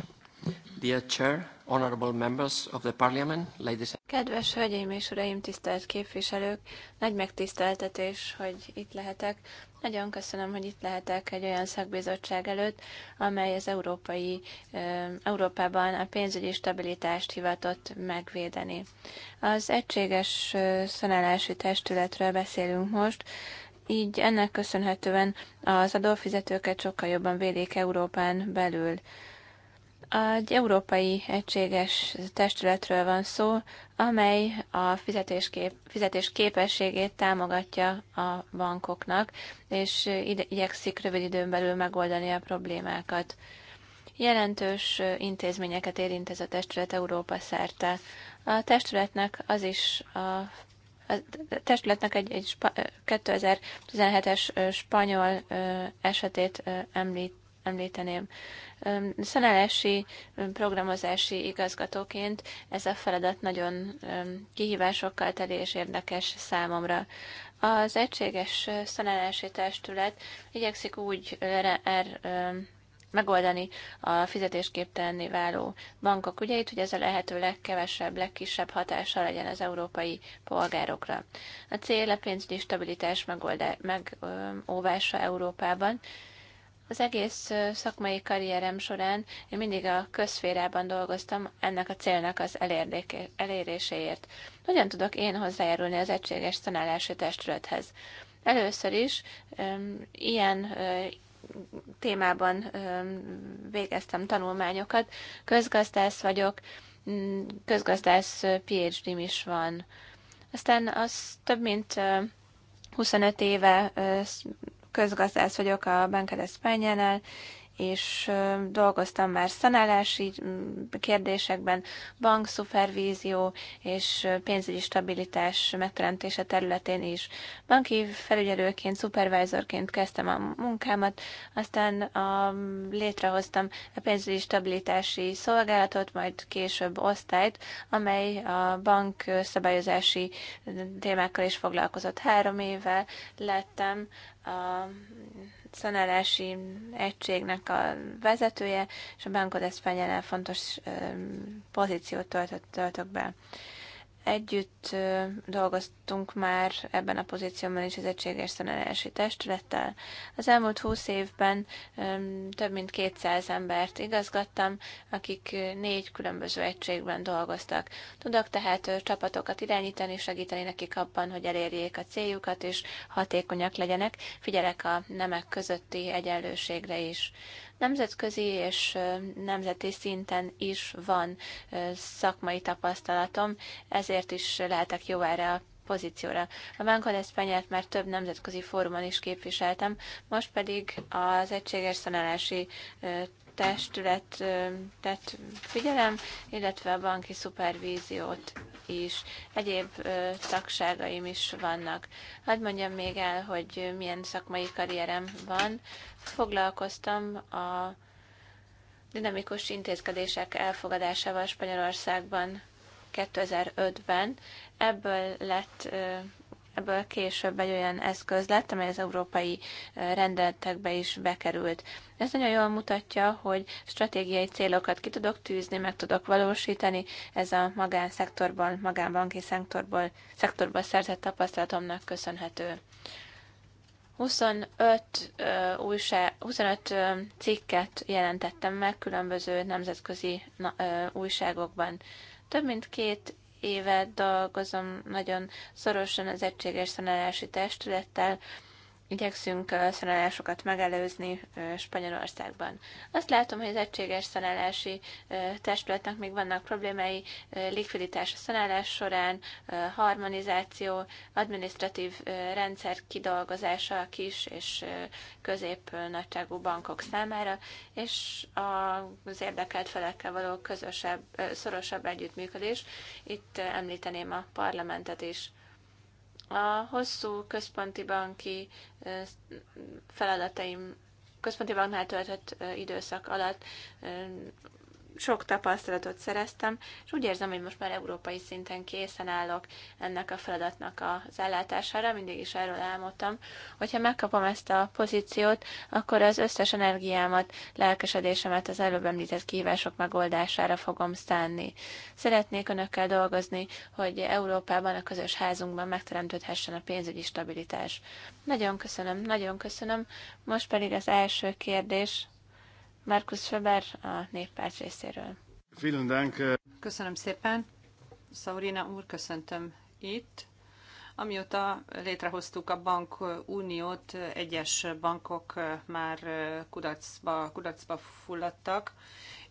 Dear Chair, honorable members of the Parliament, ladies and Kedves hölgyeim és uraim, tisztelt képviselők, nagy megtiszteltetés, hogy itt lehetek. Nagyon köszönöm, hogy itt lehetek egy olyan szakbizottság előtt, amely az európai, Európában a pénzügyi stabilitást hivatott megvédeni. Az egységes szanálási testületről beszélünk most, így ennek köszönhetően az adófizetőket sokkal jobban védik Európán belül. Egy európai egységes testületről van szó, amely a fizetéskép, fizetés képességét támogatja a bankoknak, és ide, igyekszik rövid időn belül megoldani a problémákat. Jelentős intézményeket érint ez a testület Európa szerte. A testületnek az is a a testületnek egy, egy 2017-es spanyol esetét említ, említeném. Szanálási, programozási igazgatóként ez a feladat nagyon kihívásokkal teli és érdekes számomra. Az egységes szanálási testület igyekszik úgy er, er, megoldani a fizetésképtelenné váló bankok ügyeit, hogy ez a lehető legkevesebb, legkisebb hatása legyen az európai polgárokra. A cél a pénzügyi stabilitás megoldá, megóvása Európában, az egész szakmai karrierem során én mindig a közférában dolgoztam ennek a célnak az eléréséért. Hogyan tudok én hozzájárulni az egységes tanálási testülethez? Először is ilyen témában végeztem tanulmányokat, közgazdász vagyok, közgazdász PhD-m is van. Aztán az több mint 25 éve közgazdász vagyok a Banca Spanyánál, és dolgoztam már szanálási kérdésekben, bankszupervízió és pénzügyi stabilitás megteremtése területén is. Banki felügyelőként, szupervájzorként kezdtem a munkámat, aztán a, létrehoztam a pénzügyi stabilitási szolgálatot, majd később osztályt, amely a bank szabályozási témákkal is foglalkozott. Három éve lettem a szanálási egységnek a vezetője, és a Banco fenyelen fontos pozíciót töltött, töltök be. Együtt dolgoztunk már ebben a pozícióban is az egységes tanulási testülettel. Az elmúlt húsz évben több mint 200 embert igazgattam, akik négy különböző egységben dolgoztak. Tudok tehát csapatokat irányítani, segíteni nekik abban, hogy elérjék a céljukat és hatékonyak legyenek. Figyelek a nemek közötti egyenlőségre is. Nemzetközi és nemzeti szinten is van szakmai tapasztalatom, ezért is lehetek jó erre a pozícióra. A bankadeszpenyát már több nemzetközi fórumon is képviseltem, most pedig az egységes szanálási tett figyelem, illetve a banki szupervíziót is. Egyéb tagságaim is vannak. Hadd mondjam még el, hogy milyen szakmai karrierem van. Foglalkoztam a dinamikus intézkedések elfogadásával Spanyolországban 2005-ben. Ebből lett ebből később egy olyan eszköz lett, amely az európai rendeletekbe is bekerült. Ez nagyon jól mutatja, hogy stratégiai célokat ki tudok tűzni, meg tudok valósítani. Ez a magánszektorban, magánbanki szektorból, szektorból szerzett tapasztalatomnak köszönhető. 25, uh, újság, 25 uh, cikket jelentettem meg különböző nemzetközi na, uh, újságokban. Több mint két éve dolgozom nagyon szorosan az Egységes Szanálási Testülettel, igyekszünk szanálásokat megelőzni Spanyolországban. Azt látom, hogy az egységes szanálási testületnek még vannak problémái, likviditás a szanálás során, harmonizáció, adminisztratív rendszer kidolgozása a kis és közép nagyságú bankok számára, és az érdekelt felekkel való közösebb, szorosabb együttműködés. Itt említeném a parlamentet is. A hosszú központi banki feladataim, központi banknál töltött időszak alatt sok tapasztalatot szereztem, és úgy érzem, hogy most már európai szinten készen állok ennek a feladatnak az ellátására, mindig is erről álmodtam. Hogyha megkapom ezt a pozíciót, akkor az összes energiámat, lelkesedésemet az előbb említett kihívások megoldására fogom szánni. Szeretnék önökkel dolgozni, hogy Európában, a közös házunkban megteremtődhessen a pénzügyi stabilitás. Nagyon köszönöm, nagyon köszönöm. Most pedig az első kérdés, Markus Weber a néppárt részéről. Köszönöm szépen. Szaurina úr, köszöntöm itt. Amióta létrehoztuk a bank uniót, egyes bankok már kudarcba, kudarcba fulladtak,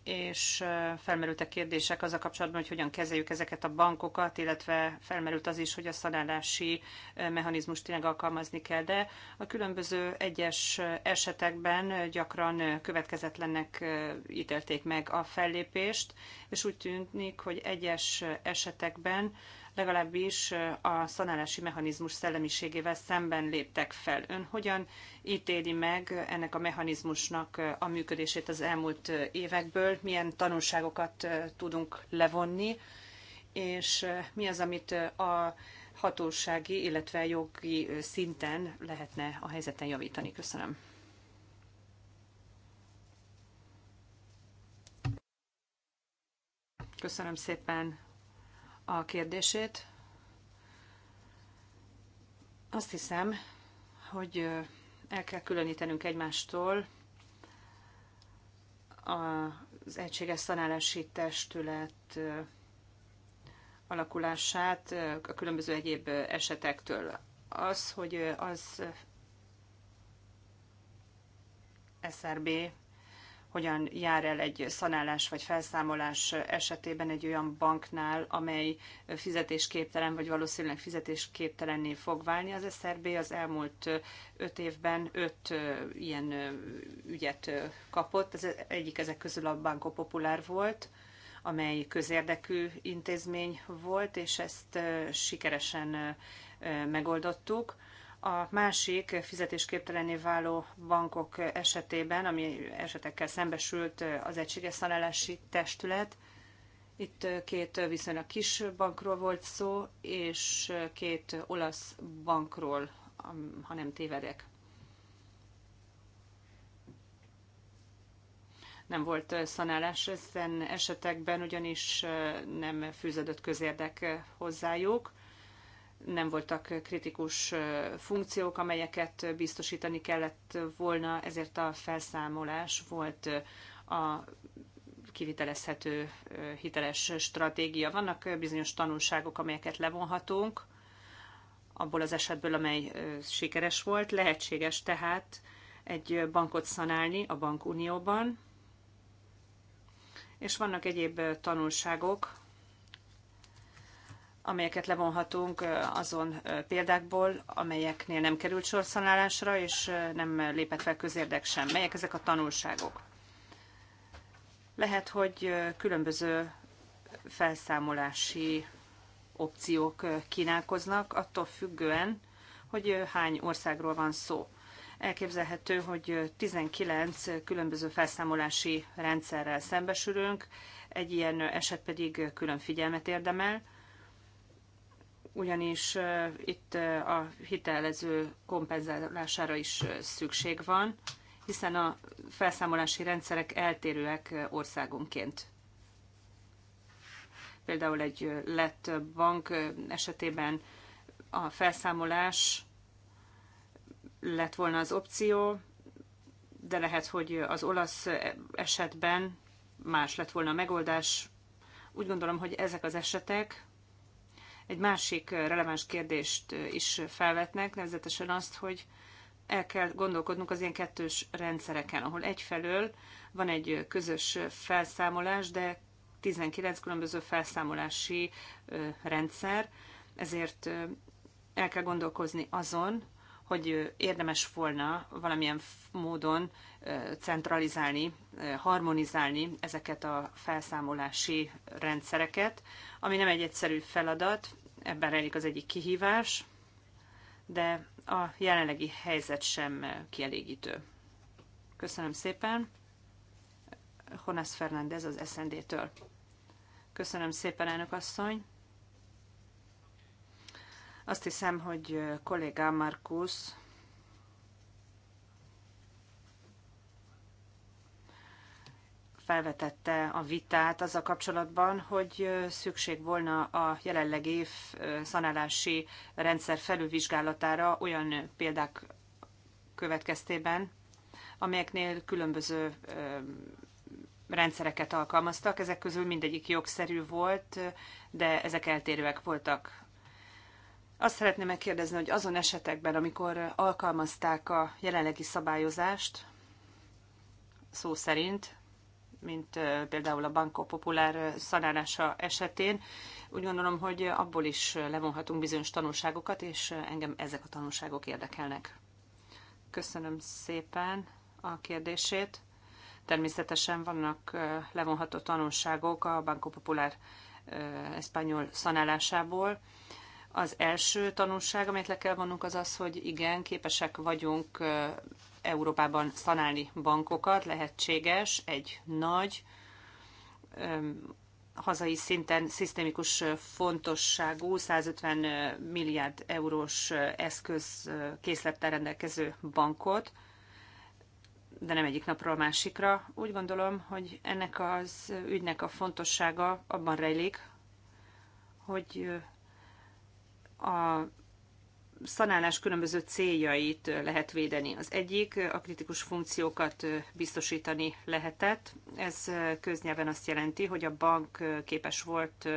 és felmerültek kérdések az a kapcsolatban, hogy hogyan kezeljük ezeket a bankokat, illetve felmerült az is, hogy a szanálási mechanizmust tényleg alkalmazni kell, de a különböző egyes esetekben gyakran következetlennek ítelték meg a fellépést, és úgy tűnik, hogy egyes esetekben legalábbis a szanálási mechanizmus szellemiségével szemben léptek fel. Ön hogyan ítéli meg ennek a mechanizmusnak a működését az elmúlt évekből? Milyen tanulságokat tudunk levonni? És mi az, amit a hatósági, illetve jogi szinten lehetne a helyzeten javítani? Köszönöm. Köszönöm szépen a kérdését. Azt hiszem, hogy el kell különítenünk egymástól az egységes szanálási testület alakulását a különböző egyéb esetektől. Az, hogy az SRB hogyan jár el egy szanálás vagy felszámolás esetében egy olyan banknál, amely fizetésképtelen vagy valószínűleg fizetésképtelenné fog válni. Az SRB az elmúlt öt évben öt ilyen ügyet kapott. Ez egyik ezek közül a Banco Popular volt, amely közérdekű intézmény volt, és ezt sikeresen megoldottuk a másik fizetésképtelené váló bankok esetében, ami esetekkel szembesült az Egységes Szanálási Testület, itt két viszonylag kis bankról volt szó, és két olasz bankról, ha nem tévedek. Nem volt szanálás ezen esetekben, ugyanis nem fűződött közérdek hozzájuk nem voltak kritikus funkciók, amelyeket biztosítani kellett volna, ezért a felszámolás volt a kivitelezhető hiteles stratégia. Vannak bizonyos tanulságok, amelyeket levonhatunk abból az esetből, amely sikeres volt. Lehetséges tehát egy bankot szanálni a bankunióban, és vannak egyéb tanulságok, amelyeket levonhatunk azon példákból, amelyeknél nem került sorszanálásra, és nem lépett fel közérdek sem. Melyek ezek a tanulságok? Lehet, hogy különböző felszámolási opciók kínálkoznak, attól függően, hogy hány országról van szó. Elképzelhető, hogy 19 különböző felszámolási rendszerrel szembesülünk, egy ilyen eset pedig külön figyelmet érdemel, ugyanis itt a hitelező kompenzálására is szükség van, hiszen a felszámolási rendszerek eltérőek országonként. Például egy lett bank esetében a felszámolás lett volna az opció, de lehet, hogy az olasz esetben más lett volna a megoldás. Úgy gondolom, hogy ezek az esetek egy másik releváns kérdést is felvetnek, nevezetesen azt, hogy el kell gondolkodnunk az ilyen kettős rendszereken, ahol egyfelől van egy közös felszámolás, de 19 különböző felszámolási rendszer, ezért el kell gondolkozni azon, hogy érdemes volna valamilyen módon centralizálni, harmonizálni ezeket a felszámolási rendszereket, ami nem egy egyszerű feladat, ebben rejlik az egyik kihívás, de a jelenlegi helyzet sem kielégítő. Köszönöm szépen. Jonas Fernández az SND-től. Köszönöm szépen, elnök asszony. Azt hiszem, hogy kollégám Markus felvetette a vitát azzal kapcsolatban, hogy szükség volna a jelenlegi szanálási rendszer felülvizsgálatára olyan példák következtében, amelyeknél különböző rendszereket alkalmaztak. Ezek közül mindegyik jogszerű volt, de ezek eltérőek voltak azt szeretném megkérdezni, hogy azon esetekben, amikor alkalmazták a jelenlegi szabályozást, szó szerint, mint például a Banco Popular szanálása esetén, úgy gondolom, hogy abból is levonhatunk bizonyos tanulságokat, és engem ezek a tanulságok érdekelnek. Köszönöm szépen a kérdését. Természetesen vannak levonható tanulságok a Banco Popular eszpanyol szanálásából. Az első tanulság, amit le kell vonnunk, az az, hogy igen, képesek vagyunk Európában szanálni bankokat, lehetséges egy nagy, hazai szinten szisztémikus fontosságú 150 milliárd eurós eszköz készlettel rendelkező bankot, de nem egyik napról a másikra. Úgy gondolom, hogy ennek az ügynek a fontossága abban rejlik, hogy a szanálás különböző céljait lehet védeni. Az egyik a kritikus funkciókat biztosítani lehetett. Ez köznyelven azt jelenti, hogy a bank képes volt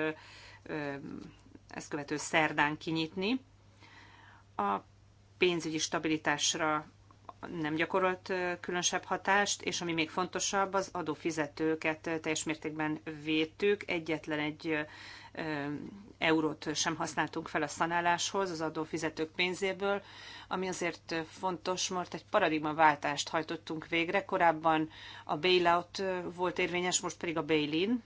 ezt követő szerdán kinyitni. A pénzügyi stabilitásra nem gyakorolt különösebb hatást, és ami még fontosabb, az adófizetőket teljes mértékben védtük. Egyetlen egy eurót sem használtunk fel a szanáláshoz az adófizetők pénzéből, ami azért fontos, mert egy paradigmaváltást hajtottunk végre. Korábban a bailout volt érvényes, most pedig a bail-in.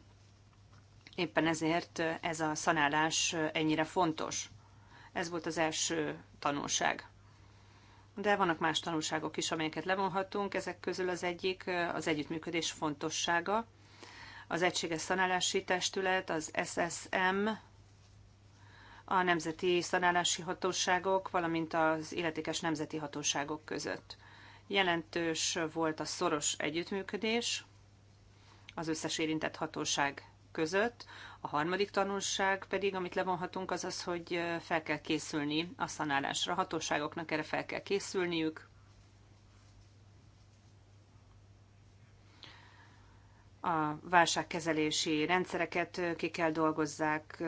Éppen ezért ez a szanálás ennyire fontos. Ez volt az első tanulság de vannak más tanulságok is, amelyeket levonhatunk. Ezek közül az egyik az együttműködés fontossága. Az Egységes Szanálási Testület, az SSM, a Nemzeti Szanálási Hatóságok, valamint az illetékes nemzeti hatóságok között. Jelentős volt a szoros együttműködés az összes érintett hatóság között, a harmadik tanulság pedig, amit levonhatunk, az az, hogy fel kell készülni a szanálásra. A hatóságoknak erre fel kell készülniük. A válságkezelési rendszereket ki kell dolgozzák,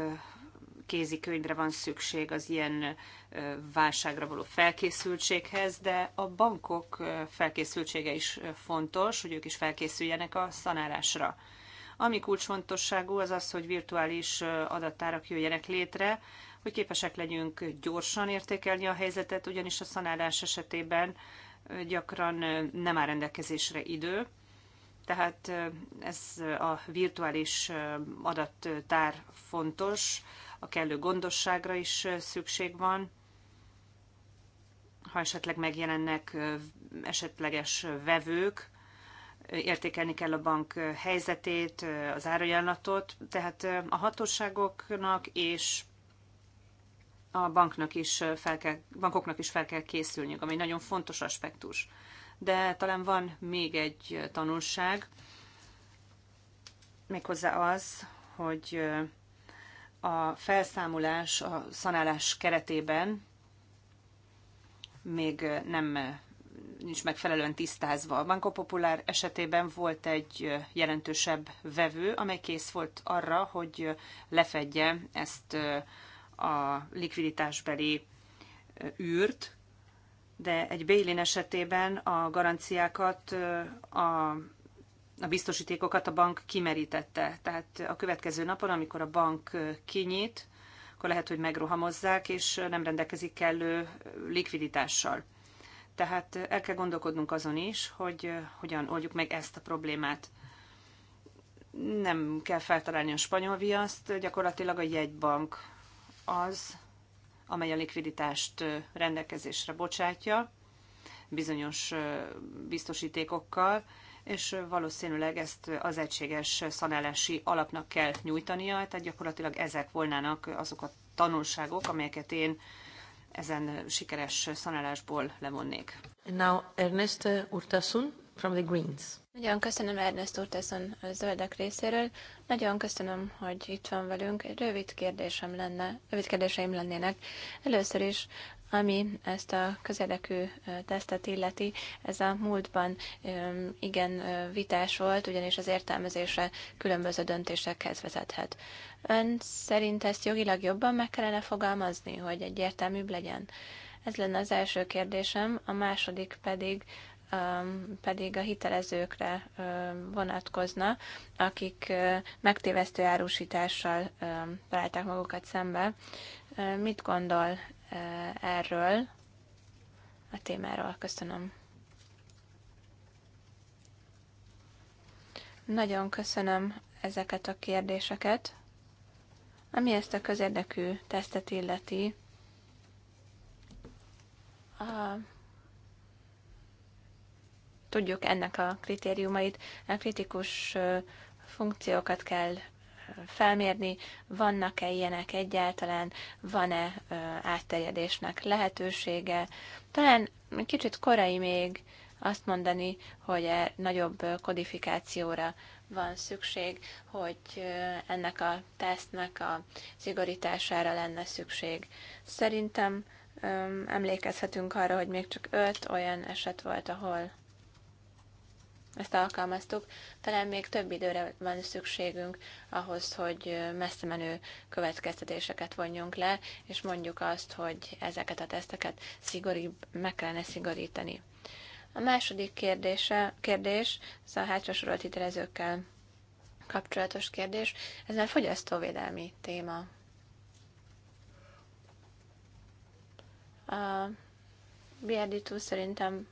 kézikönyvre van szükség az ilyen válságra való felkészültséghez, de a bankok felkészültsége is fontos, hogy ők is felkészüljenek a szanálásra. Ami kulcsfontosságú az az, hogy virtuális adattárak jöjjenek létre, hogy képesek legyünk gyorsan értékelni a helyzetet, ugyanis a szanálás esetében gyakran nem áll rendelkezésre idő. Tehát ez a virtuális adattár fontos, a kellő gondosságra is szükség van. Ha esetleg megjelennek esetleges vevők, értékelni kell a bank helyzetét, az árajánlatot, tehát eh, a hatóságoknak és a banknak is eh, fel kell, bankoknak is fel kell készülniük, ami egy nagyon fontos aspektus. De talán van még egy eh, tanulság, méghozzá az, hogy a felszámolás a szanálás keretében még nem nincs megfelelően tisztázva. A Banco Popular esetében volt egy jelentősebb vevő, amely kész volt arra, hogy lefedje ezt a likviditásbeli űrt, de egy Bélin esetében a garanciákat, a, a biztosítékokat a bank kimerítette. Tehát a következő napon, amikor a bank kinyit, akkor lehet, hogy megrohamozzák, és nem rendelkezik kellő likviditással. Tehát el kell gondolkodnunk azon is, hogy eh, hogyan oldjuk meg ezt a problémát. Nem kell feltalálni a spanyol viaszt, gyakorlatilag a jegybank az, amely a likviditást eh, rendelkezésre bocsátja, bizonyos eh, biztosítékokkal, és valószínűleg ezt az egységes szanálási alapnak kell nyújtania, tehát gyakorlatilag ezek volnának azok a tanulságok, amelyeket én ezen sikeres szanálásból levonnék. And now Ernest Urtasun from the Greens. Nagyon köszönöm Ernest Urtasun a zöldek részéről. Nagyon köszönöm, hogy itt van velünk. Egy rövid kérdésem lenne, rövid kérdéseim lennének. Először is ami ezt a közelekű tesztet illeti, ez a múltban igen vitás volt, ugyanis az értelmezése különböző döntésekhez vezethet. Ön szerint ezt jogilag jobban meg kellene fogalmazni, hogy egyértelműbb legyen? Ez lenne az első kérdésem, a második pedig pedig a hitelezőkre vonatkozna, akik megtévesztő árusítással találták magukat szembe. Mit gondol Eh, erről a témáról. Köszönöm. Nagyon köszönöm ezeket a kérdéseket. Ami ezt a közérdekű tesztet illeti, a... tudjuk ennek a kritériumait. A kritikus funkciókat kell felmérni, vannak-e ilyenek egyáltalán, van-e átterjedésnek lehetősége. Talán kicsit korai még azt mondani, hogy -e nagyobb kodifikációra van szükség, hogy ennek a tesztnek a szigorítására lenne szükség. Szerintem emlékezhetünk arra, hogy még csak öt olyan eset volt, ahol ezt alkalmaztuk. Talán még több időre van szükségünk ahhoz, hogy messze menő következtetéseket vonjunk le, és mondjuk azt, hogy ezeket a teszteket szigorib, meg kellene szigorítani. A második kérdése, kérdés, ez a hátra hitelezőkkel kapcsolatos kérdés, ez már fogyasztóvédelmi téma. A BRD2 szerintem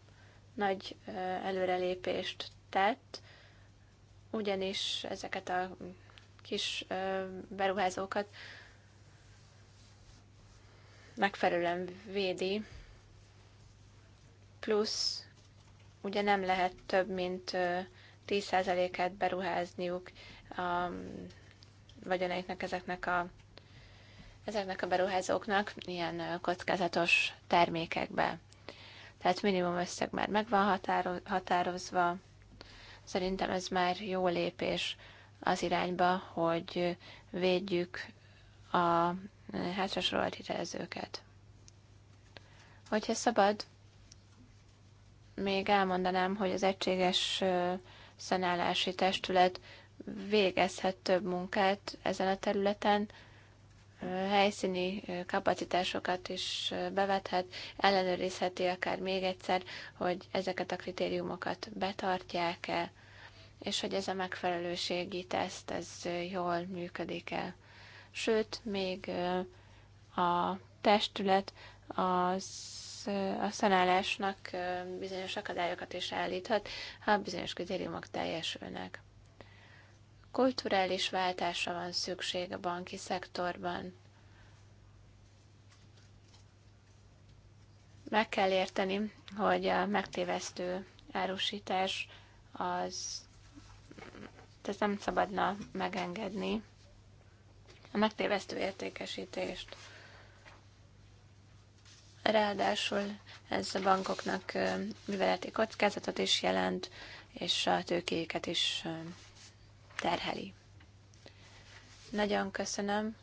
nagy előrelépést tett, ugyanis ezeket a kis beruházókat megfelelően védi, plusz ugye nem lehet több, mint 10 et beruházniuk a vagyonaiknak ezeknek a ezeknek a beruházóknak ilyen kockázatos termékekbe tehát minimum összeg már meg van határozva. Szerintem ez már jó lépés az irányba, hogy védjük a hátrasorolt hitelezőket. Hogyha szabad, még elmondanám, hogy az egységes szanálási testület végezhet több munkát ezen a területen, helyszíni kapacitásokat is bevethet, ellenőrizheti akár még egyszer, hogy ezeket a kritériumokat betartják-e, és hogy ez a megfelelőségi teszt, ez jól működik-e. Sőt, még a testület az a szanálásnak bizonyos akadályokat is állíthat, ha bizonyos kritériumok teljesülnek. Kulturális váltásra van szükség a banki szektorban. Meg kell érteni, hogy a megtévesztő árusítás az ez nem szabadna megengedni a megtévesztő értékesítést. Ráadásul ez a bankoknak műveleti kockázatot is jelent, és a tőkéket is terheli. Nagyon köszönöm.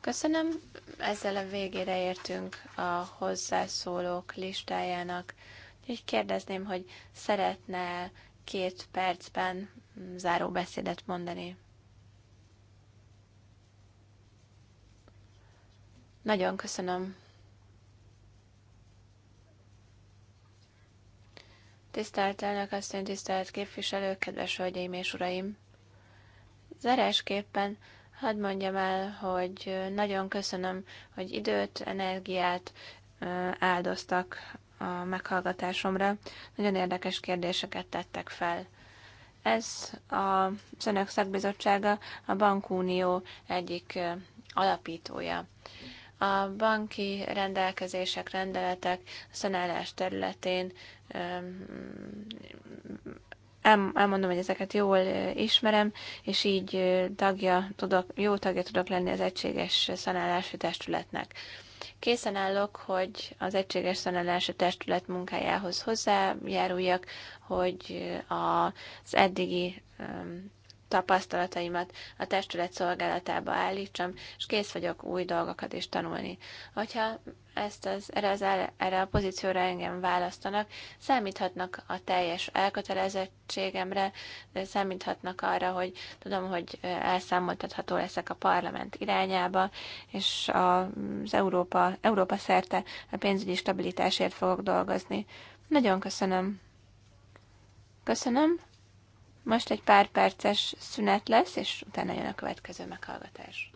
Köszönöm, ezzel a végére értünk a hozzászólók listájának. Úgyhogy kérdezném, hogy szeretne két percben záró beszédet mondani. Nagyon köszönöm Tisztelt elnök asszony, tisztelt képviselők, kedves hölgyeim és uraim! Zárásképpen hadd mondjam el, hogy nagyon köszönöm, hogy időt, energiát áldoztak a meghallgatásomra. Nagyon érdekes kérdéseket tettek fel. Ez a Önök Szakbizottsága a Bankunió egyik alapítója. A banki rendelkezések, rendeletek a szanálás területén elmondom, hogy ezeket jól ismerem, és így tagja tudok, jó tagja tudok lenni az egységes szanálási testületnek. Készen állok, hogy az egységes szanálási testület munkájához hozzájáruljak, hogy az eddigi tapasztalataimat a testület szolgálatába állítsam, és kész vagyok új dolgokat is tanulni. Hogyha ezt az, erre, az, erre a pozícióra engem választanak, számíthatnak a teljes elkötelezettségemre, számíthatnak arra, hogy tudom, hogy elszámoltatható leszek a parlament irányába, és az Európa, Európa szerte a pénzügyi stabilitásért fogok dolgozni. Nagyon köszönöm. Köszönöm. Most egy pár perces szünet lesz, és utána jön a következő meghallgatás.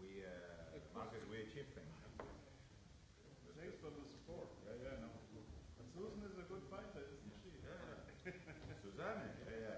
We, uh, Marcus, we achieved things. Thanks for the support. Yeah, yeah, no. And Susan is a good fighter, isn't she? Yeah. Susanne, yeah, yeah.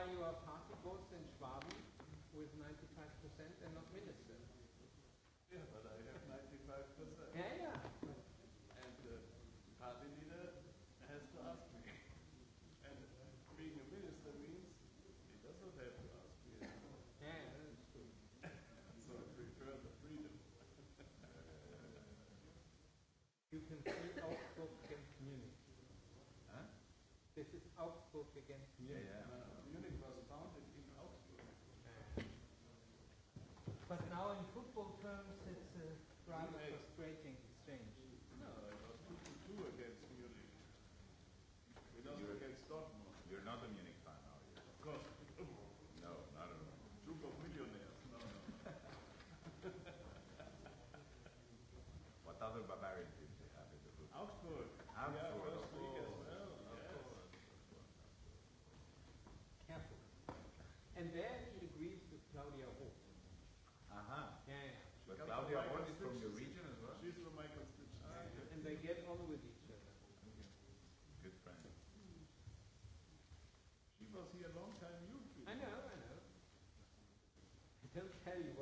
justify your party votes in Schwaben with 95% and not minister. Yeah, but I have 95%. Yeah, yeah. And the party leader has to ask me. And uh, being a minister means he doesn't have to ask me anymore. Yeah, that that's true. so I prefer the freedom. you can see Augsburg against Munich. Huh? This is Augsburg against Munich. Yeah, yeah.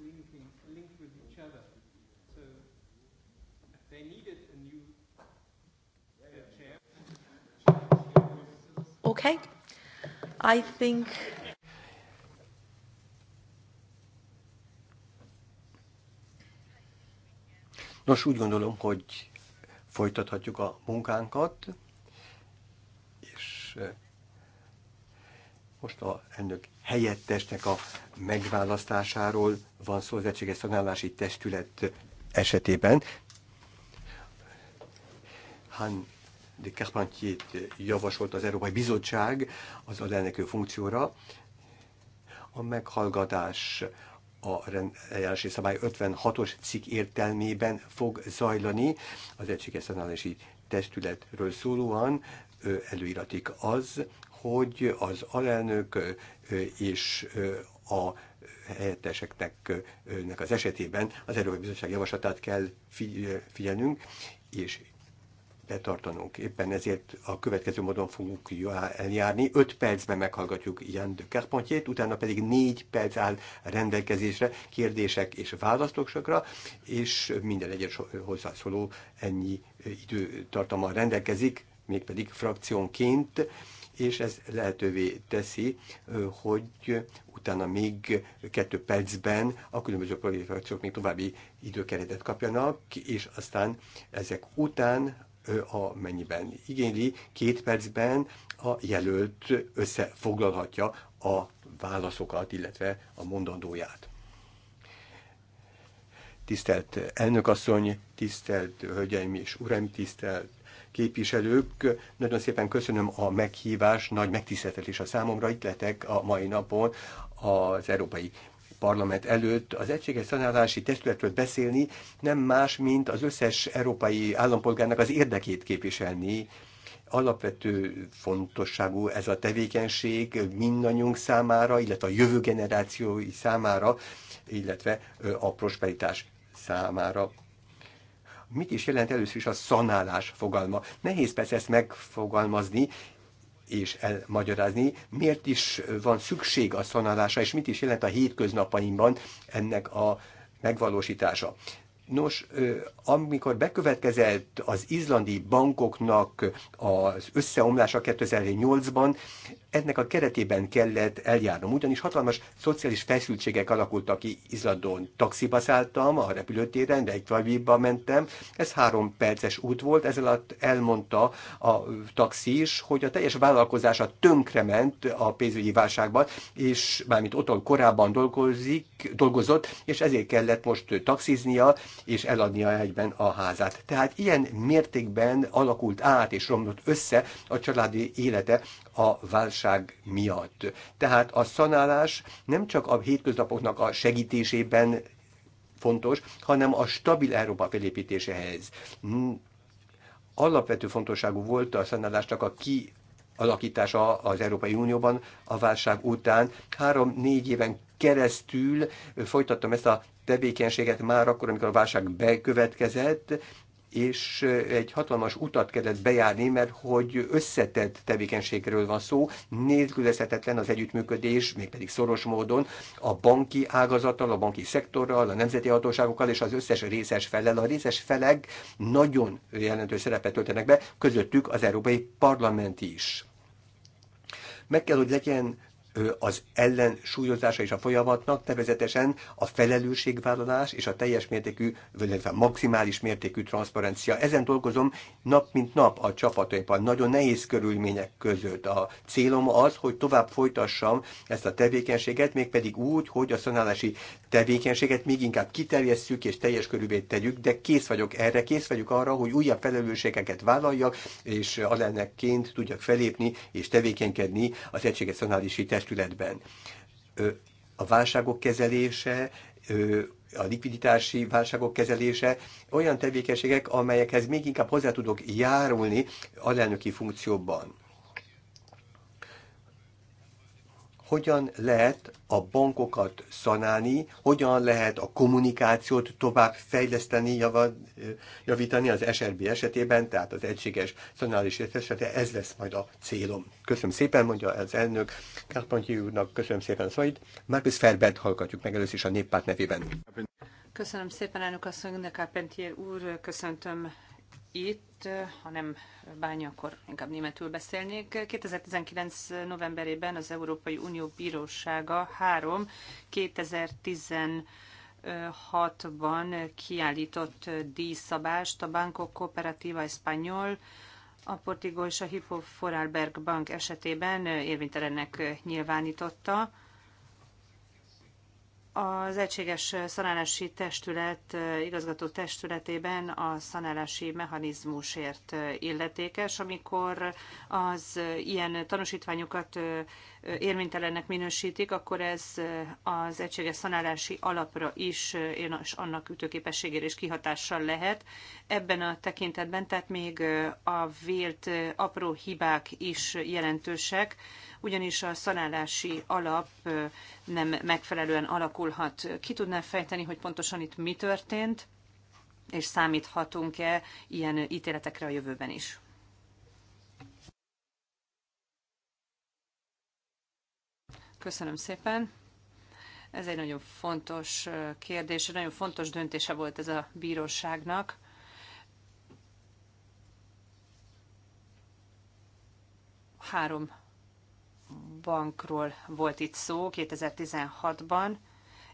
linking, linked with each other. So they needed a new uh, chair. Okay. I think. Nos, úgy gondolom, hogy folytathatjuk a munkánkat, és eh, most a elnök helyettesnek a megválasztásáról van szó az egységes szanálási testület esetében. Han de carpentier javasolt az Európai Bizottság az alelnökő funkcióra. A meghallgatás a rendeljárási szabály 56-os cikk értelmében fog zajlani az egységes szanálási testületről szólóan előiratik az, hogy az alelnök és a helyetteseknek az esetében az Európai Bizottság javaslatát kell figyelnünk, és betartanunk. Éppen ezért a következő módon fogunk eljárni. 5 percben meghallgatjuk Jan de carpentier utána pedig 4 perc áll rendelkezésre kérdések és választokra, és minden egyes hozzászóló ennyi időtartammal rendelkezik, mégpedig frakciónként és ez lehetővé teszi, hogy utána még kettő percben a különböző projektfrakciók még további időkeretet kapjanak, és aztán ezek után amennyiben igényli, két percben a jelölt összefoglalhatja a válaszokat, illetve a mondandóját. Tisztelt elnökasszony, tisztelt hölgyeim és uraim, tisztelt képviselők, nagyon szépen köszönöm a meghívást, nagy megtiszteltetés a számomra, itt letek a mai napon az Európai parlament előtt az egységes szanálási testületről beszélni nem más, mint az összes európai állampolgárnak az érdekét képviselni. Alapvető fontosságú ez a tevékenység mindannyiunk számára, illetve a jövő generációi számára, illetve a prosperitás számára. Mit is jelent először is a szanálás fogalma? Nehéz persze ezt megfogalmazni, és elmagyarázni, miért is van szükség a szanálásra, és mit is jelent a hétköznapainkban ennek a megvalósítása. Nos, amikor bekövetkezett az izlandi bankoknak az összeomlása 2008-ban, ennek a keretében kellett eljárnom, ugyanis hatalmas szociális feszültségek alakultak ki Izlandon. Taxiba szálltam a repülőtéren, de egy mentem. Ez három perces út volt, ez alatt elmondta a taxis, hogy a teljes vállalkozása tönkrement a pénzügyi válságban, és bármint otthon korábban dolgozik, dolgozott, és ezért kellett most taxiznia, és eladnia egyben a házát. Tehát ilyen mértékben alakult át és romlott össze a családi élete a válság miatt. Tehát a szanálás nem csak a hétköznapoknak a segítésében fontos, hanem a stabil Európa felépítéséhez. Hmm. Alapvető fontosságú volt a szanálásnak a ki alakítása az Európai Unióban a válság után. Három-négy éven keresztül folytattam ezt a tevékenységet már akkor, amikor a válság bekövetkezett, és egy hatalmas utat kellett bejárni, mert hogy összetett tevékenységről van szó, nélkülözhetetlen az együttműködés, mégpedig szoros módon a banki ágazattal, a banki szektorral, a nemzeti hatóságokkal és az összes részes felel. A részes felek nagyon jelentős szerepet töltenek be, közöttük az Európai Parlament is. Meg kell, hogy legyen az ellensúlyozása és a folyamatnak, nevezetesen a felelősségvállalás és a teljes mértékű, vagy maximális mértékű transzparencia. Ezen dolgozom nap mint nap a csapataimban, nagyon nehéz körülmények között. A célom az, hogy tovább folytassam ezt a tevékenységet, mégpedig úgy, hogy a szanálási tevékenységet még inkább kiterjesszük és teljes körülvét tegyük, de kész vagyok erre, kész vagyok arra, hogy újabb felelősségeket vállaljak, és alelnekként tudjak felépni és tevékenykedni az egységes szanálási testületben. A válságok kezelése a likviditási válságok kezelése, olyan tevékenységek, amelyekhez még inkább hozzá tudok járulni alelnöki funkcióban. hogyan lehet a bankokat szanálni, hogyan lehet a kommunikációt tovább fejleszteni, javítani az SRB esetében, tehát az egységes szanális esetében, ez lesz majd a célom. Köszönöm szépen, mondja az elnök Kárpontyi úrnak, köszönöm szépen a szóit. Marcus Ferbert hallgatjuk meg először is a néppárt nevében. Köszönöm szépen, elnök asszony, Carpentier úr, köszöntöm itt, ha nem bánja, akkor inkább németül beszélnék. 2019. novemberében az Európai Unió Bírósága 3 2016-ban kiállított díjszabást a Bankok Cooperativa Espanyol, a Portigo és a Hippo Foralberg Bank esetében érvénytelennek nyilvánította az Egységes Szanálási Testület igazgató testületében a szanálási mechanizmusért illetékes, amikor az ilyen tanúsítványokat érvénytelennek minősítik, akkor ez az egységes szanálási alapra is, és annak ütőképességére is kihatással lehet. Ebben a tekintetben, tehát még a vélt apró hibák is jelentősek, ugyanis a szanálási alap nem megfelelően alakulhat. Ki tudná fejteni, hogy pontosan itt mi történt, és számíthatunk-e ilyen ítéletekre a jövőben is? Köszönöm szépen. Ez egy nagyon fontos kérdés, nagyon fontos döntése volt ez a bíróságnak. Három bankról volt itt szó 2016-ban,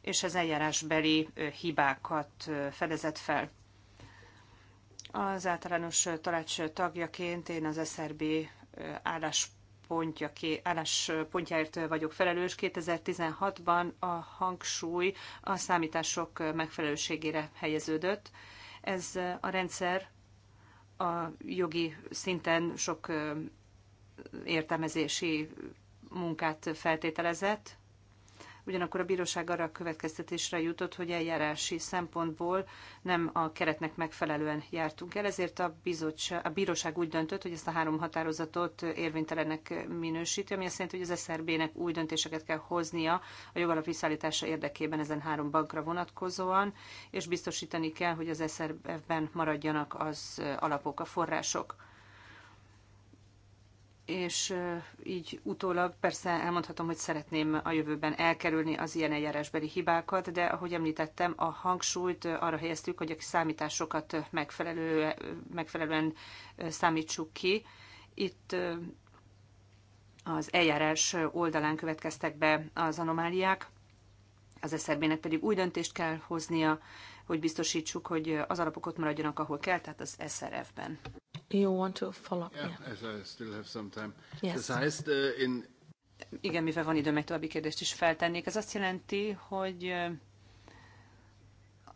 és ez eljárásbeli hibákat fedezett fel. Az általános tanács tagjaként én az SRB álláspontját állás pontjáért vagyok felelős. 2016-ban a hangsúly a számítások megfelelőségére helyeződött. Ez a rendszer a jogi szinten sok értelmezési munkát feltételezett, Ugyanakkor a bíróság arra a következtetésre jutott, hogy eljárási szempontból nem a keretnek megfelelően jártunk el, ezért a, bizottság, a bíróság úgy döntött, hogy ezt a három határozatot érvénytelenek minősíti, ami azt jelenti, hogy az SZRB-nek új döntéseket kell hoznia a jogalapi szállítása érdekében ezen három bankra vonatkozóan, és biztosítani kell, hogy az SZRB-ben maradjanak az alapok, a források és így utólag persze elmondhatom, hogy szeretném a jövőben elkerülni az ilyen eljárásbeli hibákat, de ahogy említettem, a hangsúlyt arra helyeztük, hogy a számításokat megfelelő, megfelelően számítsuk ki. Itt az eljárás oldalán következtek be az anomáliák, az SZRB-nek pedig új döntést kell hoznia, hogy biztosítsuk, hogy az alapok ott maradjanak, ahol kell, tehát az SRF-ben. You want to follow up? Yeah, I still have some time. Yes. Das heißt, uh, in... Igen, mivel van időm, egy további kérdést is feltennék. Ez azt jelenti, hogy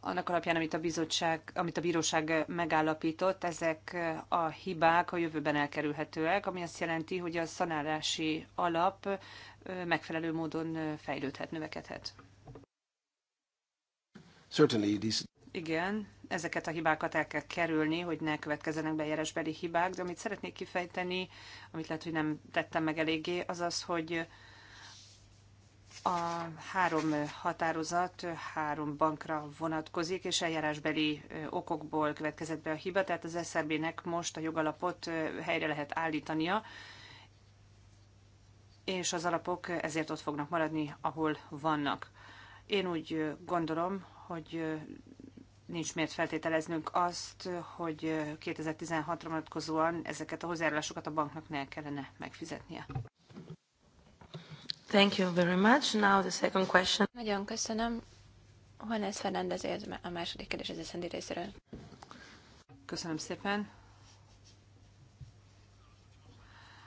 annak alapján, amit a, bizottság, amit a bíróság megállapított, ezek a hibák a jövőben elkerülhetőek, ami azt jelenti, hogy a szanálási alap megfelelő módon fejlődhet, növekedhet. Certainly Igen, ezeket a hibákat el kell kerülni, hogy ne következzenek be jelesbeli hibák, de amit szeretnék kifejteni, amit lehet, hogy nem tettem meg eléggé, az az, hogy a három határozat három bankra vonatkozik, és eljárásbeli okokból következett be a hiba, tehát az SZRB-nek most a jogalapot helyre lehet állítania, és az alapok ezért ott fognak maradni, ahol vannak. Én úgy gondolom, hogy nincs miért feltételeznünk azt, hogy 2016-ra vonatkozóan ezeket a hozzájárulásokat a banknak ne kellene megfizetnie. Thank you very much. Now the second question. Nagyon köszönöm. ez Fernández a második kérdés az eszendi részéről. Köszönöm szépen.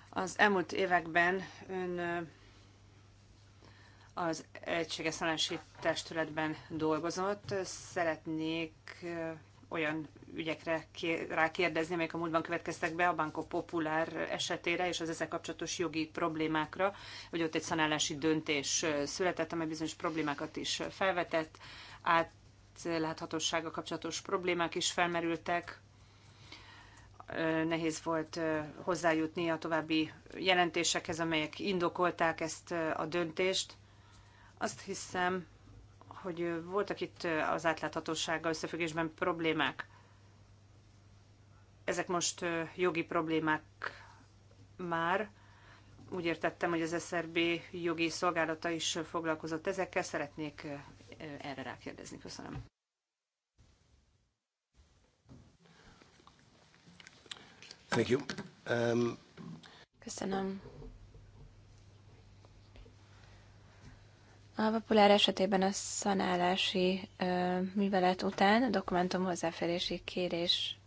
Az elmúlt években ön az Egységes Szállási Testületben dolgozott. Szeretnék olyan ügyekre rákérdezni, amelyek a múltban következtek be a Banco Popular esetére és az ezzel kapcsolatos jogi problémákra, hogy ott egy szanálási döntés született, amely bizonyos problémákat is felvetett, átláthatósága kapcsolatos problémák is felmerültek, nehéz volt hozzájutni a további jelentésekhez, amelyek indokolták ezt a döntést. Azt hiszem, hogy voltak itt eh, az átláthatósággal összefüggésben problémák. Ezek most eh, jogi problémák már. Úgy értettem, hogy az SRB jogi szolgálata is foglalkozott ezekkel. Szeretnék eh, erre rákérdezni. Köszönöm. Thank you. Um... Köszönöm. A Vapulár esetében a szanálási ö, művelet után a dokumentum hozzáférési kérés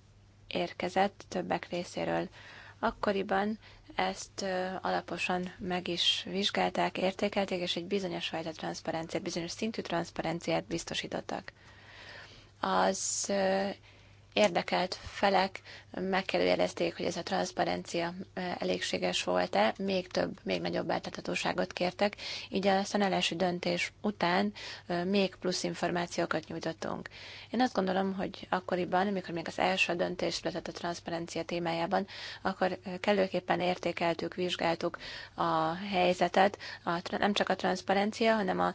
érkezett többek részéről. Akkoriban ezt ö, alaposan meg is vizsgálták, értékelték, és egy bizonyos fajta transzparenciát, bizonyos szintű transzparenciát biztosítottak. Az érdekelt felek megkérdezték, hogy ez a transzparencia elégséges volt-e, még több, még nagyobb átláthatóságot kértek, így a szanálási döntés után még plusz információkat nyújtottunk. Én azt gondolom, hogy akkoriban, amikor még az első döntés született a transzparencia témájában, akkor kellőképpen értékeltük, vizsgáltuk a helyzetet, a, nem csak a transzparencia, hanem a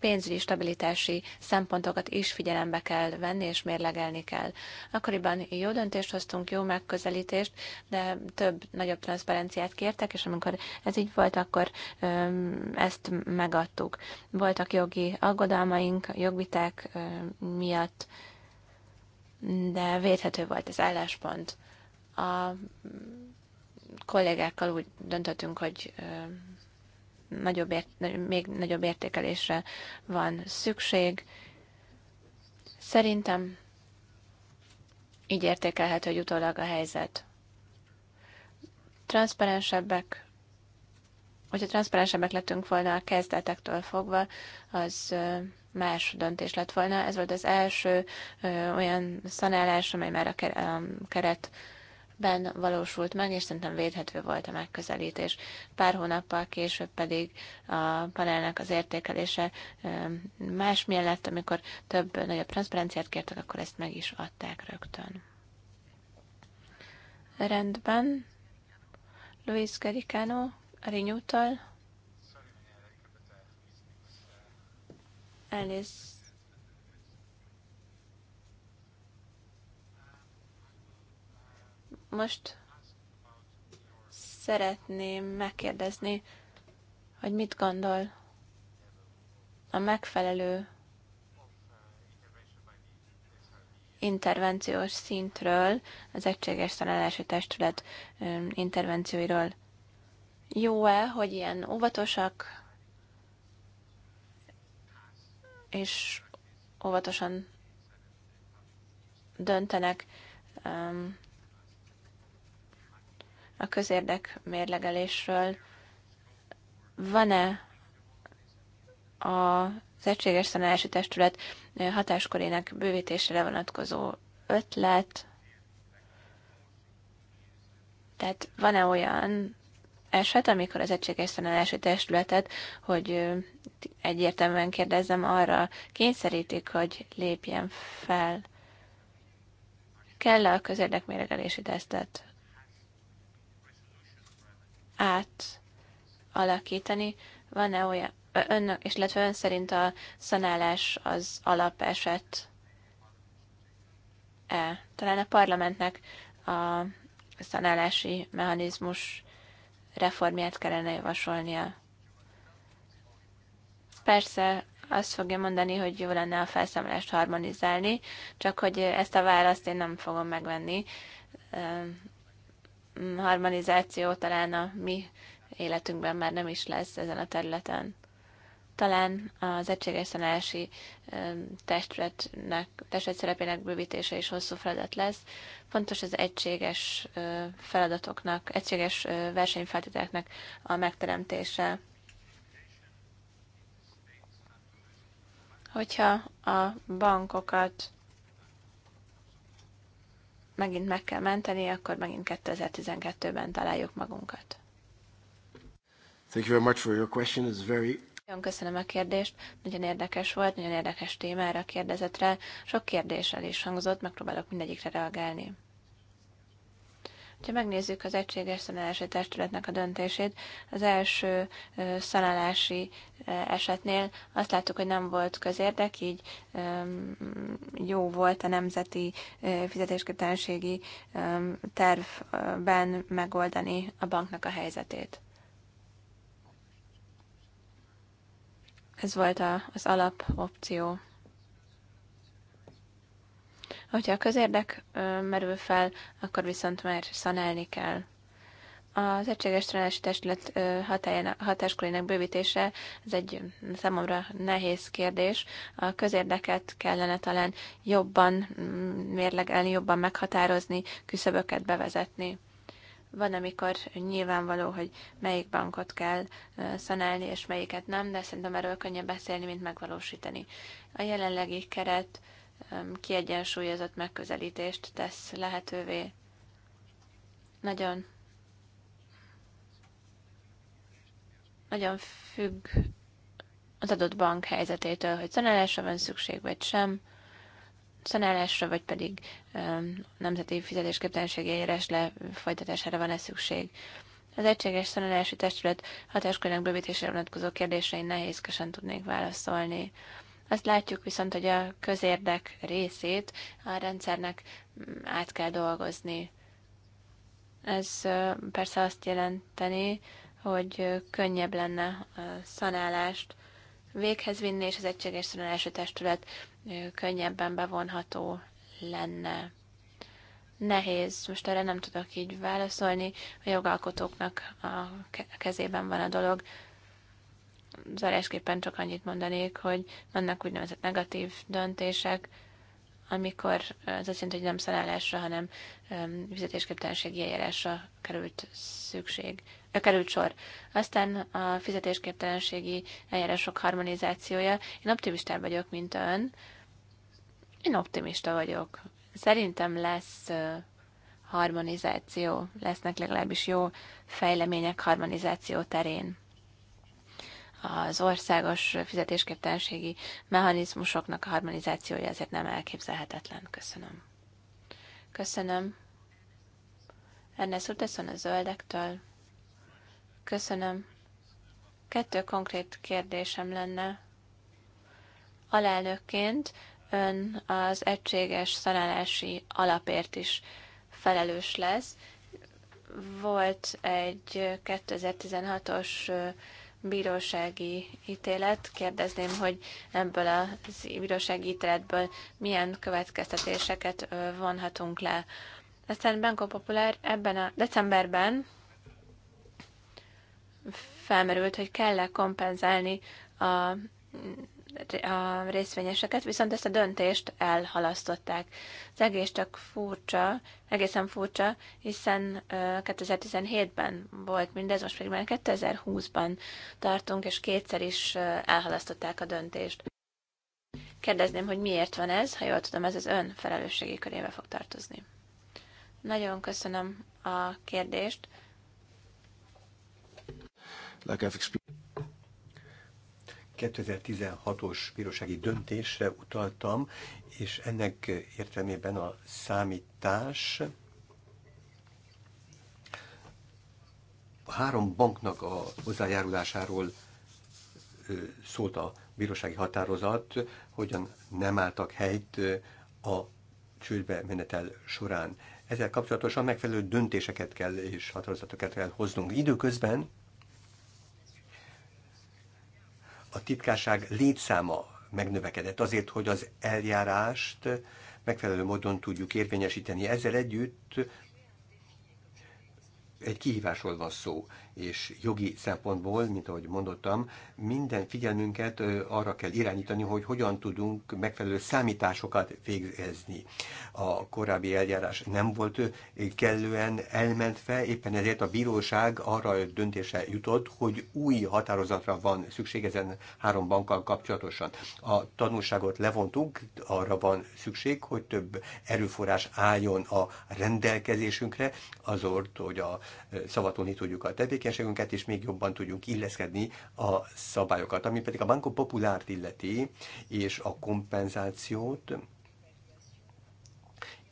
pénzügyi stabilitási szempontokat is figyelembe kell venni és mérlegelni kell. Akkoriban jó döntést hoztunk, jó megközelítést, de több nagyobb transzparenciát kértek, és amikor ez így volt, akkor ezt megadtuk. Voltak jogi aggodalmaink, jogviták miatt, de védhető volt az álláspont. A kollégákkal úgy döntöttünk, hogy nagyobb ért, még nagyobb értékelésre van szükség. Szerintem így értékelhető, hogy utólag a helyzet. Transzparensebbek, hogyha transzparensebbek lettünk volna a kezdetektől fogva, az más döntés lett volna. Ez volt az első olyan szanálás, amely már a, keret ben valósult meg, és szerintem védhető volt a megközelítés. Pár hónappal később pedig a panelnek az értékelése másmilyen lett, amikor több nagyobb transzparenciát kértek, akkor ezt meg is adták rögtön. Rendben. Luis Garicano, Rinyútal. Elnézést Most szeretném megkérdezni, hogy mit gondol a megfelelő intervenciós szintről, az Egységes Tanulási Testület intervencióiról. Jó-e, hogy ilyen óvatosak és óvatosan döntenek, um, a közérdek mérlegelésről. Van-e az egységes tanulási testület hatáskorének bővítésére vonatkozó ötlet? Tehát van-e olyan eset, amikor az egységes tanulási testületet, hogy egyértelműen kérdezzem, arra kényszerítik, hogy lépjen fel. Kell -e a közérdekméregelési tesztet át alakítani, van-e olyan, önök, és illetve ön szerint a szanálás az alapeset e Talán a parlamentnek a szanálási mechanizmus reformját kellene javasolnia. Persze azt fogja mondani, hogy jó lenne a felszámolást harmonizálni, csak hogy ezt a választ én nem fogom megvenni harmonizáció talán a mi életünkben már nem is lesz ezen a területen. Talán az egységes tanulási testületnek, testület szerepének bővítése is hosszú feladat lesz. Fontos az egységes feladatoknak, egységes versenyfeltételeknek a megteremtése. Hogyha a bankokat megint meg kell menteni, akkor megint 2012-ben találjuk magunkat. Thank you very much for your question. It's very nagyon köszönöm a kérdést, nagyon érdekes volt, nagyon érdekes témára kérdezett rá, sok kérdéssel is hangzott, megpróbálok mindegyikre reagálni. Ha megnézzük az egységes szanálási testületnek a döntését, az első szanálási esetnél azt láttuk, hogy nem volt közérdek, így jó volt a nemzeti fizetésképtelenségi tervben megoldani a banknak a helyzetét. Ez volt az alapopció. Hogyha a közérdek merül fel, akkor viszont már szanálni kell. Az egységes tanácsi testület hatáskörének bővítése, ez egy számomra nehéz kérdés. A közérdeket kellene talán jobban mm, mérlegelni, jobban meghatározni, küszöböket bevezetni. Van, amikor nyilvánvaló, hogy melyik bankot kell szanálni, és melyiket nem, de szerintem erről könnyebb beszélni, mint megvalósítani. A jelenlegi keret kiegyensúlyozott megközelítést tesz lehetővé. Nagyon nagyon függ az adott bank helyzetétől, hogy szanálásra van szükség, vagy sem, szanálásra, vagy pedig um, nemzeti fizetésképtelenségi eljárás lefolytatására van-e szükség. Az egységes szanálási testület hatáskörnek bővítésére vonatkozó kérdésein nehézkesen tudnék válaszolni. Azt látjuk viszont, hogy a közérdek részét a rendszernek mm, át kell dolgozni. Ez persze azt jelenteni, hogy könnyebb lenne a szanálást véghez vinni, és az egységes szanálási testület könnyebben bevonható lenne. Nehéz, most erre nem tudok így válaszolni, a jogalkotóknak a kezében van a dolog, zárásképpen csak annyit mondanék, hogy vannak úgynevezett negatív döntések, amikor ez azt jelenti, hogy nem szállásra, hanem fizetésképtelenségi eljárásra került szükség, ö, került sor. Aztán a fizetésképtelenségi eljárások harmonizációja. Én optimistább vagyok, mint ön. Én optimista vagyok. Szerintem lesz harmonizáció, lesznek legalábbis jó fejlemények harmonizáció terén az országos fizetésképtelenségi mechanizmusoknak a harmonizációja ezért nem elképzelhetetlen. Köszönöm. Köszönöm. Ernest Utesson a zöldektől. Köszönöm. Kettő konkrét kérdésem lenne. Alelnökként ön az egységes szanálási alapért is felelős lesz. Volt egy 2016-os bírósági ítélet. Kérdezném, hogy ebből a bírósági ítéletből milyen következtetéseket vonhatunk le. Aztán Banco Popular ebben a decemberben felmerült, hogy kell-e kompenzálni a a részvényeseket, viszont ezt a döntést elhalasztották. Az egész csak furcsa, egészen furcsa, hiszen 2017-ben volt mindez, most pedig már 2020-ban tartunk, és kétszer is elhalasztották a döntést. Kérdezném, hogy miért van ez, ha jól tudom, ez az ön felelősségi körébe fog tartozni. Nagyon köszönöm a kérdést. Like I've 2016-os bírósági döntésre utaltam, és ennek értelmében a számítás a három banknak a hozzájárulásáról szólt a bírósági határozat, hogyan nem álltak helyt a csődbe menetel során. Ezzel kapcsolatosan megfelelő döntéseket kell és határozatokat kell hoznunk. Időközben a titkárság létszáma megnövekedett azért, hogy az eljárást megfelelő módon tudjuk érvényesíteni. Ezzel együtt egy kihívásról van szó és jogi szempontból, mint ahogy mondottam, minden figyelmünket arra kell irányítani, hogy hogyan tudunk megfelelő számításokat végezni. A korábbi eljárás nem volt kellően elmentve, éppen ezért a bíróság arra a döntése jutott, hogy új határozatra van szükség ezen három bankkal kapcsolatosan. A tanulságot levontunk, arra van szükség, hogy több erőforrás álljon a rendelkezésünkre, azort, hogy a szavatolni tudjuk a tevékenységet, tevékenységünket, és még jobban tudjunk illeszkedni a szabályokat. Ami pedig a Banco Populárt illeti, és a kompenzációt,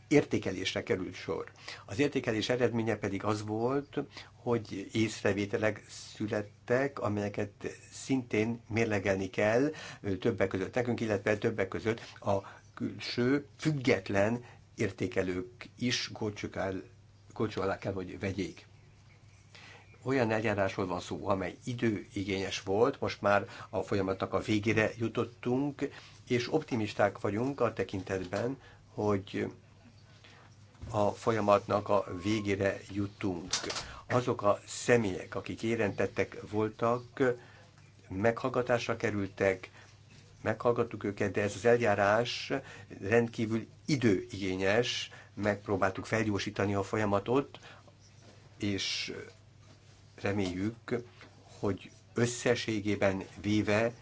értékelésre került sor. Az értékelés eredménye pedig az volt, hogy észrevételek születtek, amelyeket szintén mérlegelni kell többek között nekünk, illetve többek között a külső független értékelők is kócsuk alá kell, hogy vegyék olyan eljárásról van szó, amely időigényes volt, most már a folyamatnak a végére jutottunk, és optimisták vagyunk a tekintetben, hogy a folyamatnak a végére jutunk. Azok a személyek, akik érentettek voltak, meghallgatásra kerültek, meghallgattuk őket, de ez az eljárás rendkívül időigényes, megpróbáltuk felgyorsítani a folyamatot, és reméljük, hogy összességében véve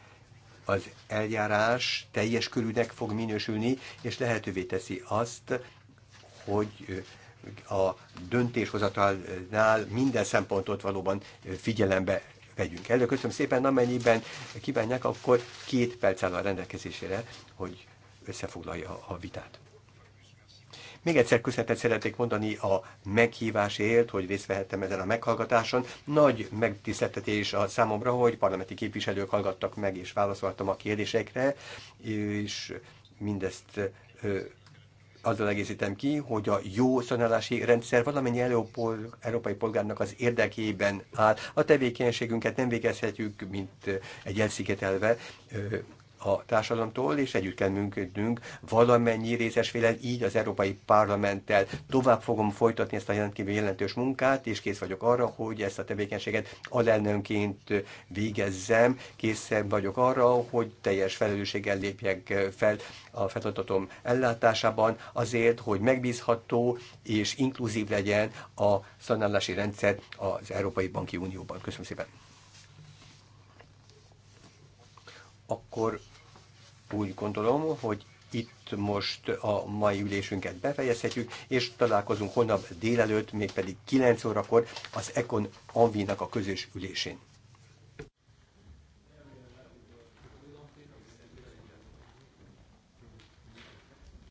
az eljárás teljes körűnek fog minősülni, és lehetővé teszi azt, hogy a döntéshozatalnál minden szempontot valóban figyelembe vegyünk Előre Köszönöm szépen, amennyiben kívánják, akkor két perc áll a rendelkezésére, hogy összefoglalja a vitát. Még egyszer köszönetet szeretnék mondani a meghívásért, hogy részt vehettem ezen a meghallgatáson. Nagy megtiszteltetés a számomra, hogy parlamenti képviselők hallgattak meg, és válaszoltam a kérdésekre, és mindezt azzal egészítem ki, hogy a jó szanálási rendszer valamennyi európai polgárnak az érdekében áll. A tevékenységünket nem végezhetjük, mint egy elszigetelve a társadalomtól, és együtt kell működnünk valamennyi részesvélel, így az Európai Parlamenttel. Tovább fogom folytatni ezt a rendkívül jelentős munkát, és kész vagyok arra, hogy ezt a tevékenységet alelnőnként végezzem. Készen vagyok arra, hogy teljes felelősséggel lépjek fel a feladatom ellátásában azért, hogy megbízható és inkluzív legyen a szanállási rendszer az Európai Banki Unióban. Köszönöm szépen! Akkor úgy gondolom, hogy itt most a mai ülésünket befejezhetjük, és találkozunk holnap délelőtt, mégpedig 9 órakor az Econ Anvinak a közös ülésén.